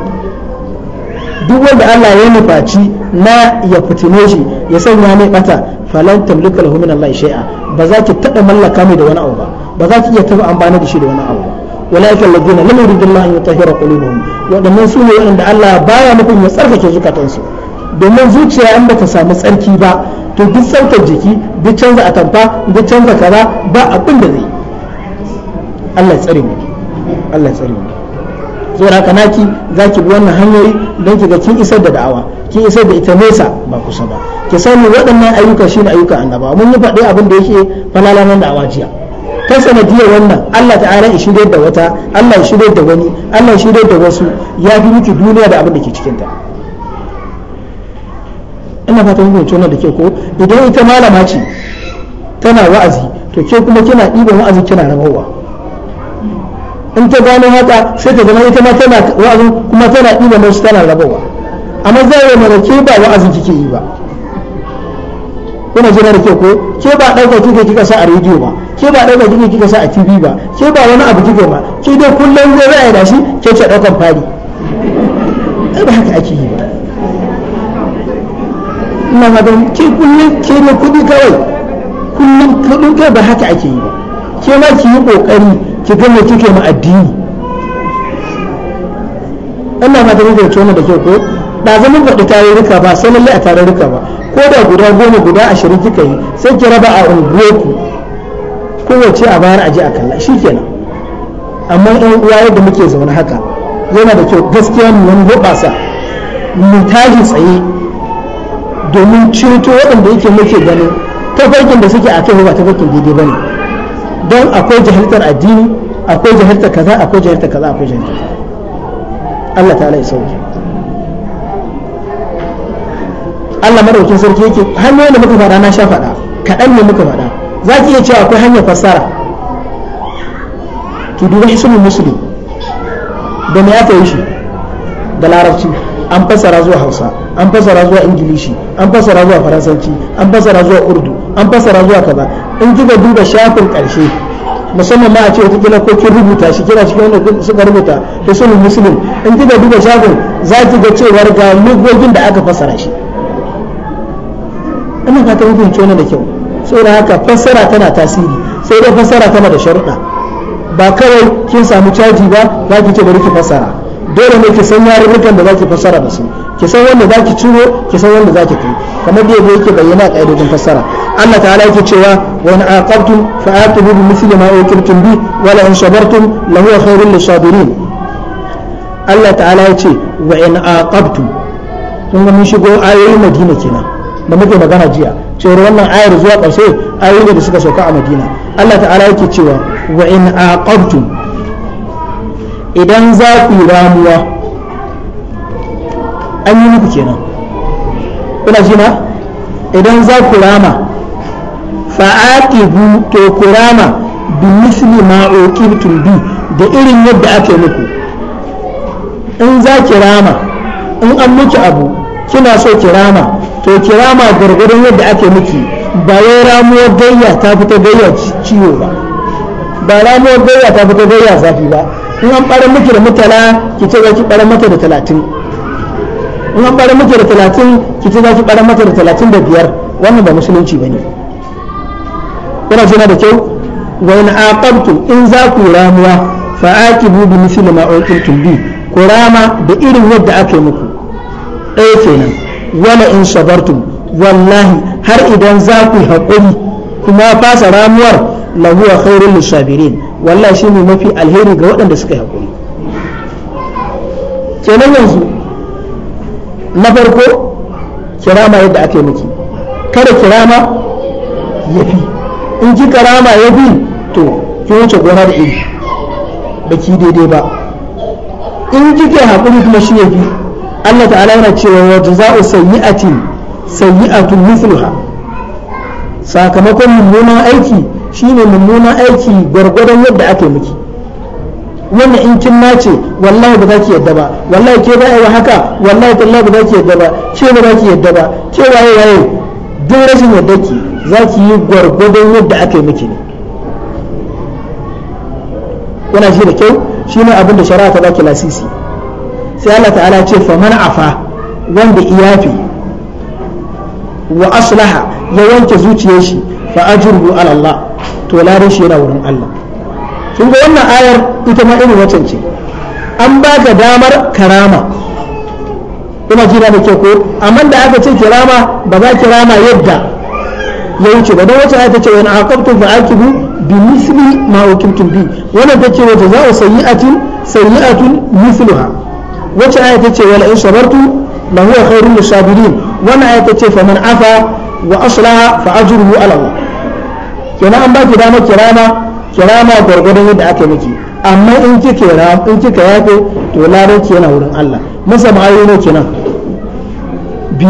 duk wanda Allah ya nufaci na ya fitine shi ya sanya mai bata falan tamlika lahu min Allah shay'a ba za ki taɓa mallaka mai da wani abu ba ba za ki iya taɓa amfani da shi da wani abu ولكن الذين لم يرد الله ان يطهر قلوبهم waɗannan su ne waɗanda Allah baya nufin ya tsarkake zukatansu domin zuciya in bata samu tsarki ba to duk sautar jiki duk canza atamfa duk canza kaza ba abin da zai yi. Allah ya tsare mu Allah ya tsare mu da haka naki zaki bi wannan hanyoyi don ki ga kin isar da da'awa kin isar da ita nesa ba kusa ba ki sani waɗannan ayyuka shine ayyukan annabawa mun yi faɗi abin da yake falalaman da'awa jiya ta sanadiyar wannan Allah ta'ala ya shirye da wata Allah ya shirye da wani Allah ya shirye da wasu ya bi miki duniya da abin da ke cikinta ina fata mun fahimci da ke ko idan ita malama ce tana wa'azi to ke kuma kina ɗiban wa'azi kina rabawa in ta gano haka sai ta zama ita ma tana wa'azin kuma tana ɗiba mai su tana rabawa amma zai mana ke ba wa'azin kike yi ba kuna jira da ke ko ke ba ɗauka kike kika sa a rediyo ba ke ba ɗauka kike kika sa a tv ba ke ba wani abu kike ba ke dai kullum zai ra'ayi da shi ke ce ɗaukan fari ai ba haka ake yi ba ina ga don ke kullum ke ne kuɗi kawai kullum kuɗin kai ba haka ake yi ba ke ma ki yi ƙoƙari ki ga me kike mu addini Allah ma ta rubuta wannan da kyau ko ba zama faɗi tarurruka ba sai lalle a tarurruka ba ko da guda goma guda ashirin kika yi sai ki raba a unguwarku kowace a bayar aje a kalla shi kenan amma in uwa yadda muke zaune haka yana da kyau gaskiya mu wani sa, mu tashi tsaye domin cinto waɗanda yake muke ganin tafarkin da suke a kai ba tafarkin daidai ba ne don akwai jahiltar addini akwai jahiltar kaza akwai jahiltar kaza akwai jahiltar Allah ta alai sauki Allah madaukin sarki yake hanyoyin da muka faɗa na sha faɗa kaɗan ne muka faɗa za ki iya cewa akwai hanyar fassara ki duba hisnul musulmi. da me aka yi shi da larabci an fassara zuwa hausa an fassara zuwa ingilishi an fasara zuwa faransanci an fasara zuwa urdu an fasara zuwa kaza in kika duba shafin karshe musamman ma a ce wata ko kin rubuta shi kina cikin wanda suka rubuta da sunan muslim in kika duba shafin za ki ga cewar ga lugogin da aka fasara shi ina fata mun fahimci wannan da kyau saboda haka fassara tana tasiri sai dai fassara tana da sharuɗa ba kawai kin samu caji ba za ki ce bari ki fassara dole ne ki san yarurrukan da zaki fassara da su ki san wanda zaki ciro ki san wanda zaki kai kamar da yadda yake bayyana a ƙa'idojin fassara Allah ta'ala yake cewa wa in aqabtum fa aqibu bi misli ma uqibtum bi wa la in shabartum la huwa khairul lisabirin Allah ta'ala ya ce wa in aqabtum kun ga mun shigo ayoyin Madina kenan da muke magana jiya cewa wannan ayar zuwa ƙarshe ayoyin da suka sauka a Madina Allah ta'ala yake cewa wa in aqabtum idan za ku yi ramuwa an yi muku kenan kuna shi na idan za ku rama fa'aqibu to ku rama bi misli ma uqibtum bi da irin yadda ake muku in za ki rama in an miki abu kina so ki rama to ki rama gargadon yadda ake miki ba wai ramuwar gayya ta fita gayya ciwo ba ba ramuwar gayya ta fita gayya zafi ba in an ɓarar miki da mutala ki ce za ki ɓare mata da talatin in an ɓarar miki da talatin ki ce za ki ɓarar mata da talatin da biyar wannan ba musulunci ba ne kuna jina da kyau wa in aqabtum in za ku ramuwa fa aqibu bi misli ma uqibtum bi ku rama da irin yadda aka yi muku ɗaya kenan wala in sabartum wallahi har idan za ku haƙuri kuma fasa ramuwar lahuwa khairul lisabirin wallahi shi ne mafi alheri ga waɗanda suka yi haƙuri kenan yanzu na farko kirama yadda aka yi miki kada kirama ya fi in ki karama ya fi to ki wuce gona da iri ba ki daidai ba in ki ke haƙuri kuma shi ya fi Allah ta'ala yana cewa wa jaza'u sayyi'atin sayyi'atun mithluha sakamakon mummunan aiki shine mummunan aiki gwargwadon yadda ake miki wannan in kin mace wallahi ba za ki yadda ba wallahi ke ba aiwa haka wallahi tallahi ba za ki yadda ba ke ba za ki yadda ba ke waye waye duk rashin yadda ki za ki yi gwargwadon yadda ake yi miki ne yana shi da kyau shi ne abin da shari'a ta baki lasisi sai Allah ta'ala ce fa man afa wanda iyafi wa aslaha ya wanke zuciyar shi fa ajruhu ala Allah to larin shi yana wurin Allah kun ga wannan ayar ita ma irin wacan ce an ba ga damar karama Kuma jira da ke ko amma da aka ce kirama ba za kirama yadda ya wuce ba don wata ayata ce wani aqabtum fa ake bi misli ma uqimtum bi wannan ta ce wata za'u sayyi'atin sayyi'atun misluha wata ayata ce wala in sabartu la huwa khairul lisabirin wannan ayat ce fa faman afa wa aslaha fa ajruhu alahu kenan an ba ki dama kirama kirama gwargwadon yadda aka miki amma in kike in kaya yafe to ladanki yana wurin Allah masa ma'ayoyi ne kenan Bi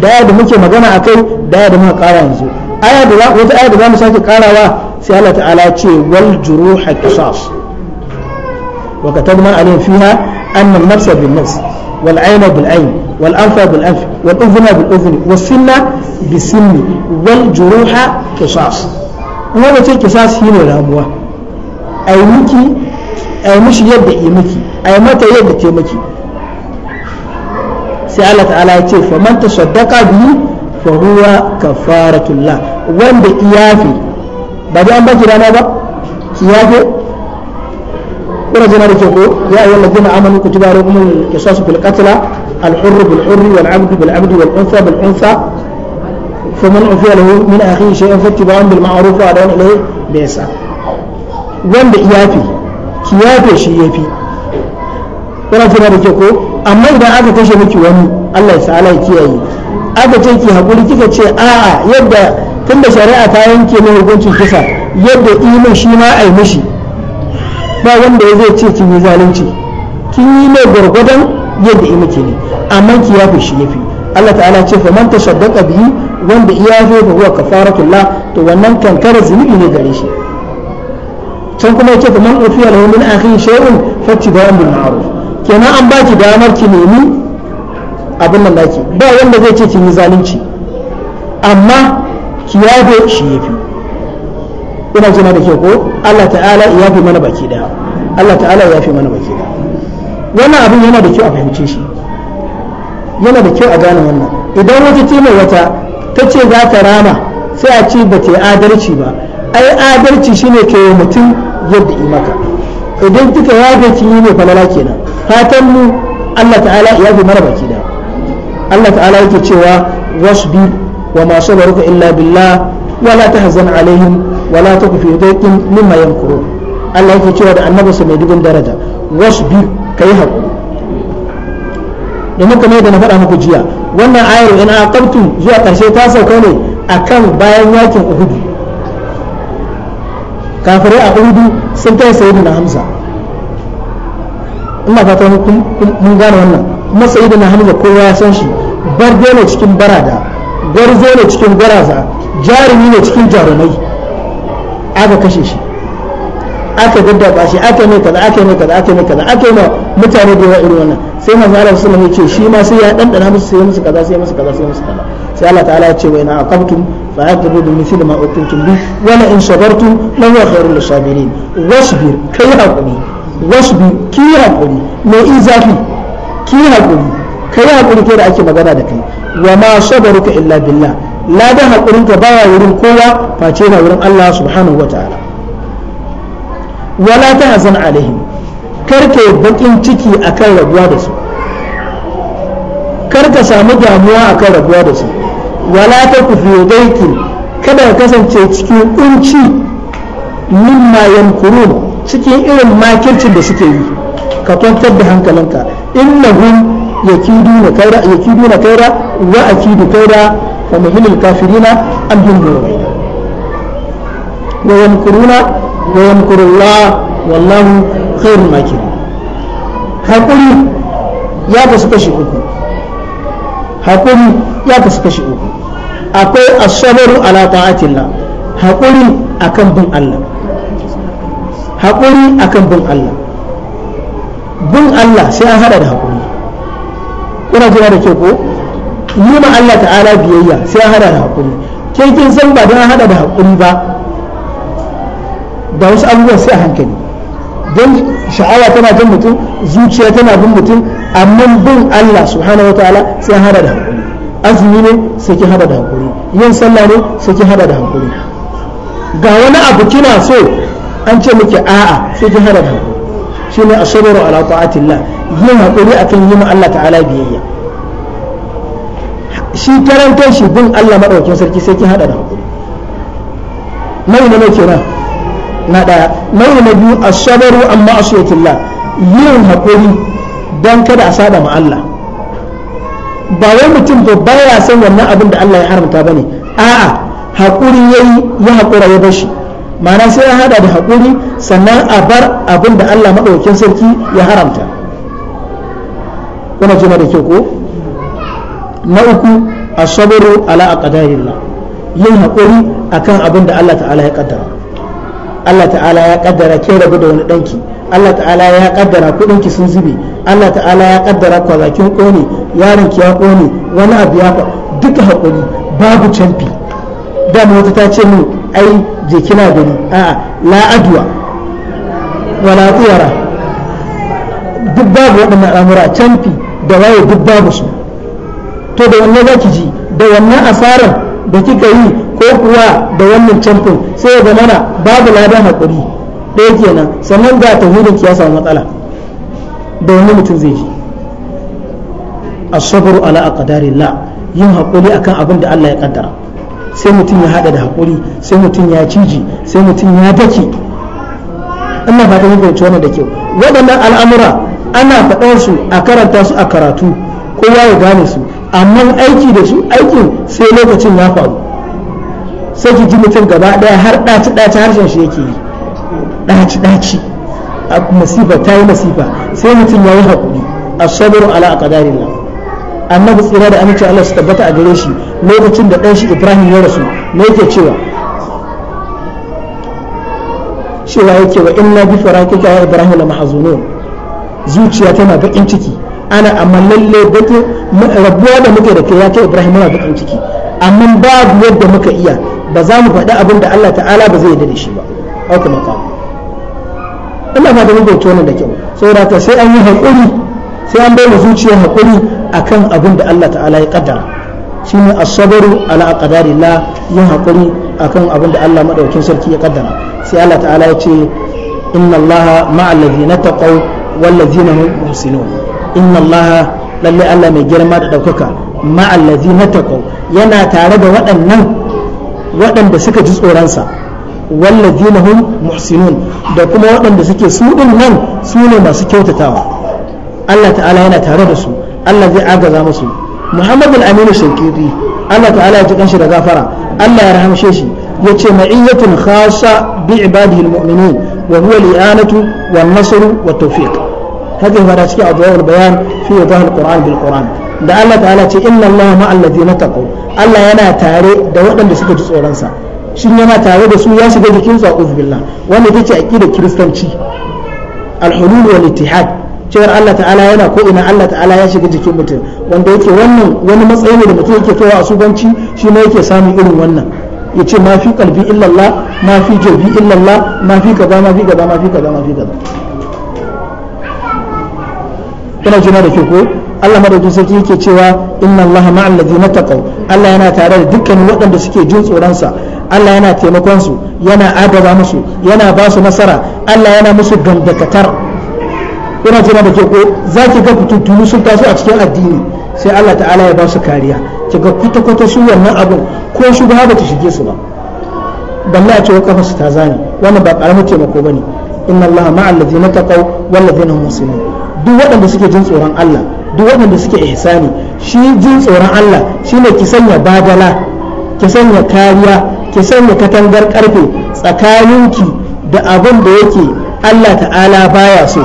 daya da muke magana akai daya da muka kara yanzu aya da wata aya da zamu sake karawa sai Allah ta'ala ce wal juruha qisas wa katabna alayhim fiha anna an-nafsa bin-nafs wal 'ayna والأنف بالأنف والأذن بالأذن والسنة بالسن والجروح قصاص وما تي قصاص هنا راموا أي مكي أي مش يد إيمكي أي متى يد تيمكي سأل تعالى يتي فمن تصدق به فهو كفارة الله وان بإيافي بعد أن بجي رانا با إيافي ورجنا رجوكو يا أيها الذين آمنوا كتب عليكم القصاص بالقتلى الحر بالحر والعبد بالعبد والأنثى بالأنثى فمن عفي له من أخيه شيئا فاتباع بالمعروف وأدان إليه بإحسان wanda iyafi ki yafe shi yafi yana tuna da ke ko amma idan aka kashe miki wani Allah ya sa'ala ya kiyaye aka ce ki hakuri kika ce a'a yadda tunda shari'a ta yanke mai hukunci kisa yadda imin shi ma ai ba wanda ya zai ce kin yi zalunci kin yi mai gwargwadon yadda ima ke ne amma ki kiyafi shi ya fi, Allah ta'ala ce fa man tashaddaqa bihi wanda iya zo ga huwa kafaratullah to wannan kankara zunubi ne gare shi can kuma yake fa man ufiya lahu min akhihi shay'un fattiba'un bil ma'ruf kenan an baki damar ki nemi abin nan naki ba wanda zai ce kin yi zalunci amma ki yafe shi ya fi, ina jina da ke ko Allah ta'ala ya fi mana baki daya Allah ta'ala ya fi mana baki daya wannan abin yana da kyau a fahimce shi yana da kyau a gane wannan idan wata tilo wata ta ce za ta rama sai a ce ba ta yi adalci ba ai adalci shine ke mutum yadda yi maka idan kika yafe ki yi ne falala kenan fatan mu Allah ta'ala ya bi mara baki da Allah ta'ala yake cewa wasbi wa ma sabaruka illa billah wa la tahzan alaihim wa la taku fi dhaqin mimma yankurun Allah yake cewa da annabi sai mai dubin daraja wasbi ka yi haƙuri domin kamar yadda na faɗa muku jiya wannan ayar in aqabtum zuwa ƙarshe ta sauka ne akan bayan yakin uhudu kafirai a uhudu sun kai sayyidina hamza ina fata mun gane wannan kuma na hamza kowa ya san shi barde ne cikin barada gwarzo ne cikin gwaraza jarumi ne cikin jarumai aka kashe shi aka ba shi aka mai kaza aka mai kaza aka mai kaza aka mai mutane da yawa irin wannan sai manzo Allah sallallahu alaihi wasallam ya ce shi ma sai ya dandana musu sai musu kaza sai musu kaza sai musu kaza sai Allah ta'ala ya ce wa ina aqabtum fa aqibu bi mithli ma uqimtum bi wa la in shabartum la huwa khairul lisabirin wasbir kai hakuri wasbir ki hakuri me izafi ki hakuri kai hakuri kai da ake magana da kai wa ma sabaruka illa billah ladan hakurinka baya wurin kowa face na wurin Allah subhanahu wa ta'ala wala tahzan alaihim karka yi bakin ciki akan rabuwa da su karka samu damuwa akan rabuwa da su wala ta ku fi kada ka kasance cikin kunci mimma yamkurun cikin irin makircin da suke yi ka kwantar da hankalinka innahum yakiduna kaira yakiduna kaira wa akidu kaira fa muhilil kafirina an dunya wa yamkuruna wa yamkurullah wallahu khairul makir hakuri ya kasu kashi uku hakuri ya kasu kashi uku akwai asabaru ala ta'atillah hakuri akan bin Allah hakuri akan bin Allah bin Allah sai an hada da hakuri kuna jira da ke ko yi ma Allah ta'ala biyayya sai an hada da hakuri kai kin san ba don hada da hakuri ba da wasu abubuwan sai a hankali don sha'awa tana jin mutum zuciya tana bin mutum amma bin Allah subhanahu ta'ala sai hada da hakuri azumi ne sai ki hada da hakuri yin sallah ne sai ki hada da hakuri ga wani abu kina so an ce miki a'a sai ki hada da hakuri shine asabru ala ta'atillah yin hakuri akan yin Allah ta'ala biyayya shi karantar shi bin Allah madaukin sarki sai ki hada da hakuri mai ne mai kira na ɗaya nau'i na biyu asabaru an ma'asiyatullah yin haƙuri don kada a sada ma Allah ba wai mutum ba baya san wannan abin da Allah ya haramta bane a'a haƙuri yayi ya haƙura ya bashi ma'ana sai ya hada da haƙuri sannan a bar abin da Allah maɗaukin sarki ya haramta kuna jima da ke ko na uku asabaru ala aqdarillah yin haƙuri akan abin da Allah ta'ala ya kaddara Allah ta'ala ya kaddara ke rabu da wani danki Allah ta'ala ya kaddara ki sun zube Allah ta'ala ya kaddara kwazakin kone yaron ki ya kone wani abu ya fa duka hakuri babu canfi da wata ta ce min ai je kina gani a'a la adwa wala tiyara duk babu waɗannan al'amura canfi da waye duk babu su to da wannan zaki ji da wannan asarar da kika yi ko kuwa da wannan camfin sai ya na babu ladan haƙuri ɗaya kenan sannan ga tauhidin ki ya samu matsala da wani mutum zai ji a sabru ala la yin haƙuri akan abin da Allah ya ƙaddara sai mutum ya haɗa da haƙuri sai mutum ya ciji sai mutum ya dake ina fata yin fahimci wani da kyau waɗannan al'amura ana faɗar su a karanta su a karatu kowa ya gane su amma aiki da su aikin sai lokacin ya faru sai ki ji mutum gaba ɗaya har ɗaci ɗaci harshen shi yake yi ɗaci ɗaci a masifa ta yi masifa sai mutum ya yi haƙuri a sabiru ala a ƙadarin nan annabi tsira da amince Allah su tabbata a gare shi lokacin da ɗan shi Ibrahim ya rasu me yake cewa cewa yake wa inna bi farakika ya Ibrahim la mahzunun zuciya tana bakin ciki ana amma lalle bata rabuwa da muke da kai ya kai Ibrahim muna bakin ciki amma babu yadda muka iya ba za mu faɗi abin da Allah ta'ala ba zai yarda da shi ba au kuma ka Allah ba da mu bauta wannan da kyau saboda ka sai an yi hakuri sai an bayyana zuciyar hakuri akan abin da Allah ta'ala ya kaddara shine as-sabru ala qadarillah yin hakuri akan abin da Allah madaukin sarki ya kaddara sai Allah ta'ala ya ce inna Allah ma'a alladhina taqaw wal ladhina hum muhsinun inna Allah lalle Allah mai girma da daukaka ma'a alladhina taqaw yana tare da waɗannan waɗanda suka ji tsoronsa walladina hum muhsinun da kuma waɗanda suke su ɗin nan su ne masu kyautatawa Allah ta'ala yana tare da su Allah zai agaza musu Muhammad al-Aminu Shankiri Allah ta'ala ya ji kanshi da gafara Allah ya rahamshe shi ya ce ma'iyyatul khassa bi ibadihi al-mu'minin wa huwa al-i'anatu nasru wa tawfiq hadin fara cikin adwa'ul bayan fi wadahul qur'an bil qur'an da Allah ta'ala ce inna Allah ma'al ladina taqaw Allah yana tare da waɗanda suka ji tsoronsa shin yana tare da su ya shiga jikin su a uzbillah wanda ita ce da kiristanci al-hulul wal ittihad cewar Allah ta'ala yana ko ina Allah ta'ala ya shiga jikin mutum wanda yake wannan wani matsayi ne da mutum yake kaiwa a subanci shi ne yake samun irin wannan ya ce ma fi kalbi illallah ma fi jabi illallah ma fi kaza ma fi kaza ma fi kaza ma fi kaza kuna jina da ke ko Allah madaukin sarki yake cewa inna Allah ma'al ladina taqaw Allah yana tare da dukkan waɗanda suke jin tsoron sa Allah yana taimakon su yana adaba musu yana ba su nasara Allah yana musu gandakatar ina jira da ke ko zaki ga fitutunu sun taso a cikin addini sai Allah ta'ala ya ba su kariya kiga kwata kwata su wannan abun ko shi ba ta shige su ba balle a cewa kafa su ta zani wannan ba karamin taimako bane inna Allah ma'al ladina taqaw wal ladina muslimin duk waɗanda suke jin tsoron Allah duk waɗanda suke ihsani shi jin tsoron Allah shine ki sanya badala ki sanya kariya ki sanya katangar karfe tsakaninki da abin da yake Allah ta'ala baya so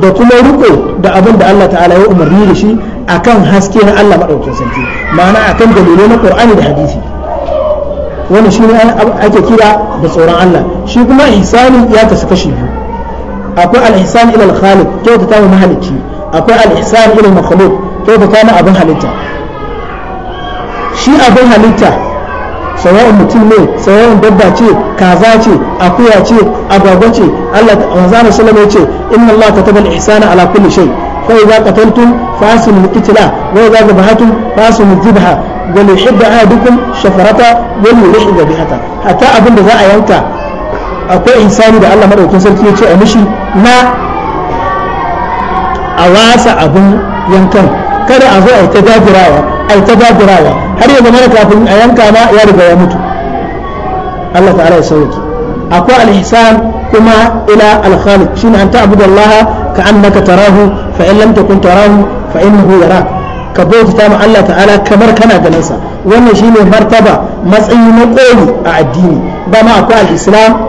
da kuma riko da abin da Allah ta'ala ya umarni da shi akan haske na Allah maɗaukin sarki ma'ana akan dalilai na Qur'ani da hadisi wannan shi ne ake kira da tsoron Allah shi kuma ihsani ya kasu kashi biyu akwai al-ihsan ila al-khaliq kyautata wa mahalicci akwai al-ihsan ila makhluq kyautata ma abin halitta shi abin halitta sawa'un mutum ne sawa'un dabba ce kaza ce akuya ce agwagwa ce Allah manzo sallallahu alaihi ce inna Allah kataba al-ihsana ala kulli shay fa idza qataltum fasinu al-qitla wa idza dhabahatum fasinu al-dhabha وليحب أحدكم شفرته وليرحب بها da za a yanka akwai insani da Allah madaukakin sarki ya ce a mishi na a wasa abin yankan kada a zo a ta a ta har yanzu mana kafin a yanka ma ya riga ya mutu Allah ta'ala ya sauke akwai al-ihsan kuma ila al-khaliq shine an ta'budu ka annaka tarahu fa in lam takun tarahu fa innahu yara ka bauta ma Allah ta'ala kamar kana ganin sa wannan shine martaba matsayi na koyi a addini ba ma akwai al-islam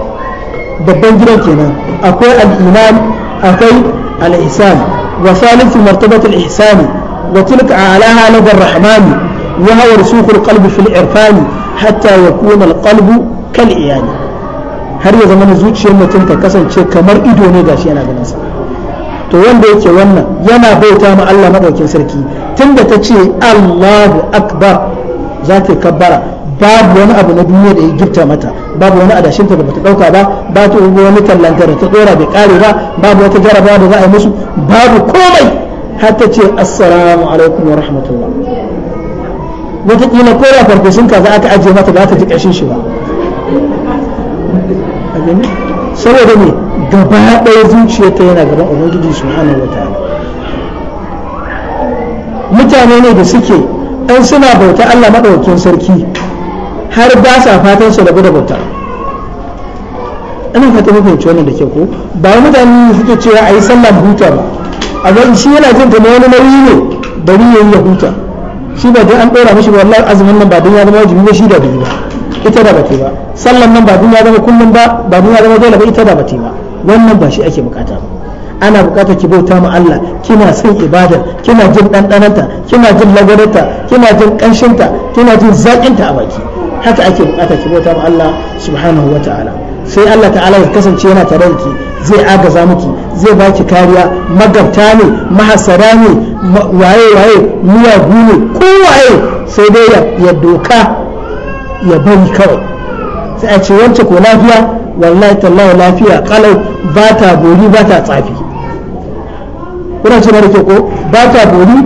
babban gidan kenan akwai al-iman akwai al-ihsan وثالث مرتبة الإحسان وتلك أعلاها لدى الرحمن وهو رسوخ القلب في العرفان حتى يكون القلب كالإيان har ya zama zuciyar mutum ta kasance kamar ido ne gashi yana ganin sa to wanda yake wannan yana bauta ma Allah madaukin sarki tunda ta ce Allahu akbar za ta kabbara babu wani abu na duniya da ya gifta mata babu wani adashinta da bata dauka ba ba ta ugo wani kallantara ta dora bai kare ba babu wata jarabawa da za a yi musu babu komai har ta ce assalamu alaikum wa rahmatullah wataƙila ko da farfesun ka za aka ajiye mata ba ta ji ƙashin shi ba saboda ne gaba ɗaya ta yana gaban ubangiji subhanahu wa ta'ala mutane ne da suke ɗan suna bauta Allah maɗaukin sarki har ba sa fatan su rabu da bauta ina fata mafi wannan da ke ko ba wani mutane ne suke cewa a yi sallah huta ba amma shi yana jin kamar wani yi ne da ya yi ya huta shi ba dai an ɗora mashi ba wallahi azumin nan ba don ya zama wajibi ba shi da bai ba ita da bata ba sallan nan ba don ya zama kullum ba ba don ya zama dole ba ita da bata ba wannan ba shi ake bukata ba ana bukata ki bauta ma Allah kina son ibadar kina jin ɗanɗananta kina jin lagarata kina jin ƙanshinta kina jin zaƙinta a baki haka ake bukata ki bauta ma Allah subhanahu wa ta'ala sai Allah ta'ala ya kasance yana tare ki zai agaza miki zai baki kariya magabta ne mahasara ne waye waye miyagu ne ko waye sai dai ya doka ya bari kawai sai a ce wance ko lafiya wallahi tallahi lafiya kalau ba ta bori ba ta tsafi kuna da ko ba ta bori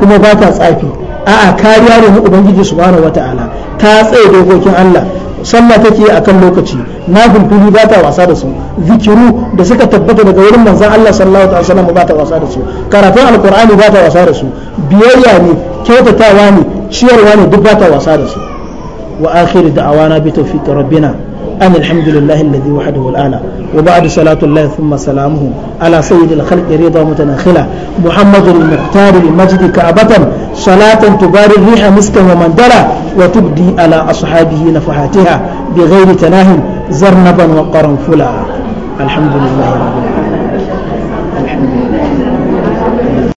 kuma ba ta tsafi a'a kariya ne na ubangiji subhanahu wata'ala ta tsaye dokokin Allah sallah take a kan lokaci na fulfili ba ta wasa da su zikiru da suka tabbata daga wurin manzan Allah sallallahu alaihi wasallam ba ta wasa da su karatun alkur'ani ba ta wasa da su biyayya ne kyautatawa ne ciyarwa ne duk ba ta wasa da su wa akhir da'awana bi tawfiq rabbina أن الحمد لله الذي وحده الآن وبعد صلاة الله ثم سلامه على سيد الخلق رضا متناخلة محمد المختار لمجد كعبة صلاة تباري الريح مسكا ومندلا وتبدي على أصحابه نفحاتها بغير تناه زرنبا وقرنفلا الحمد لله رب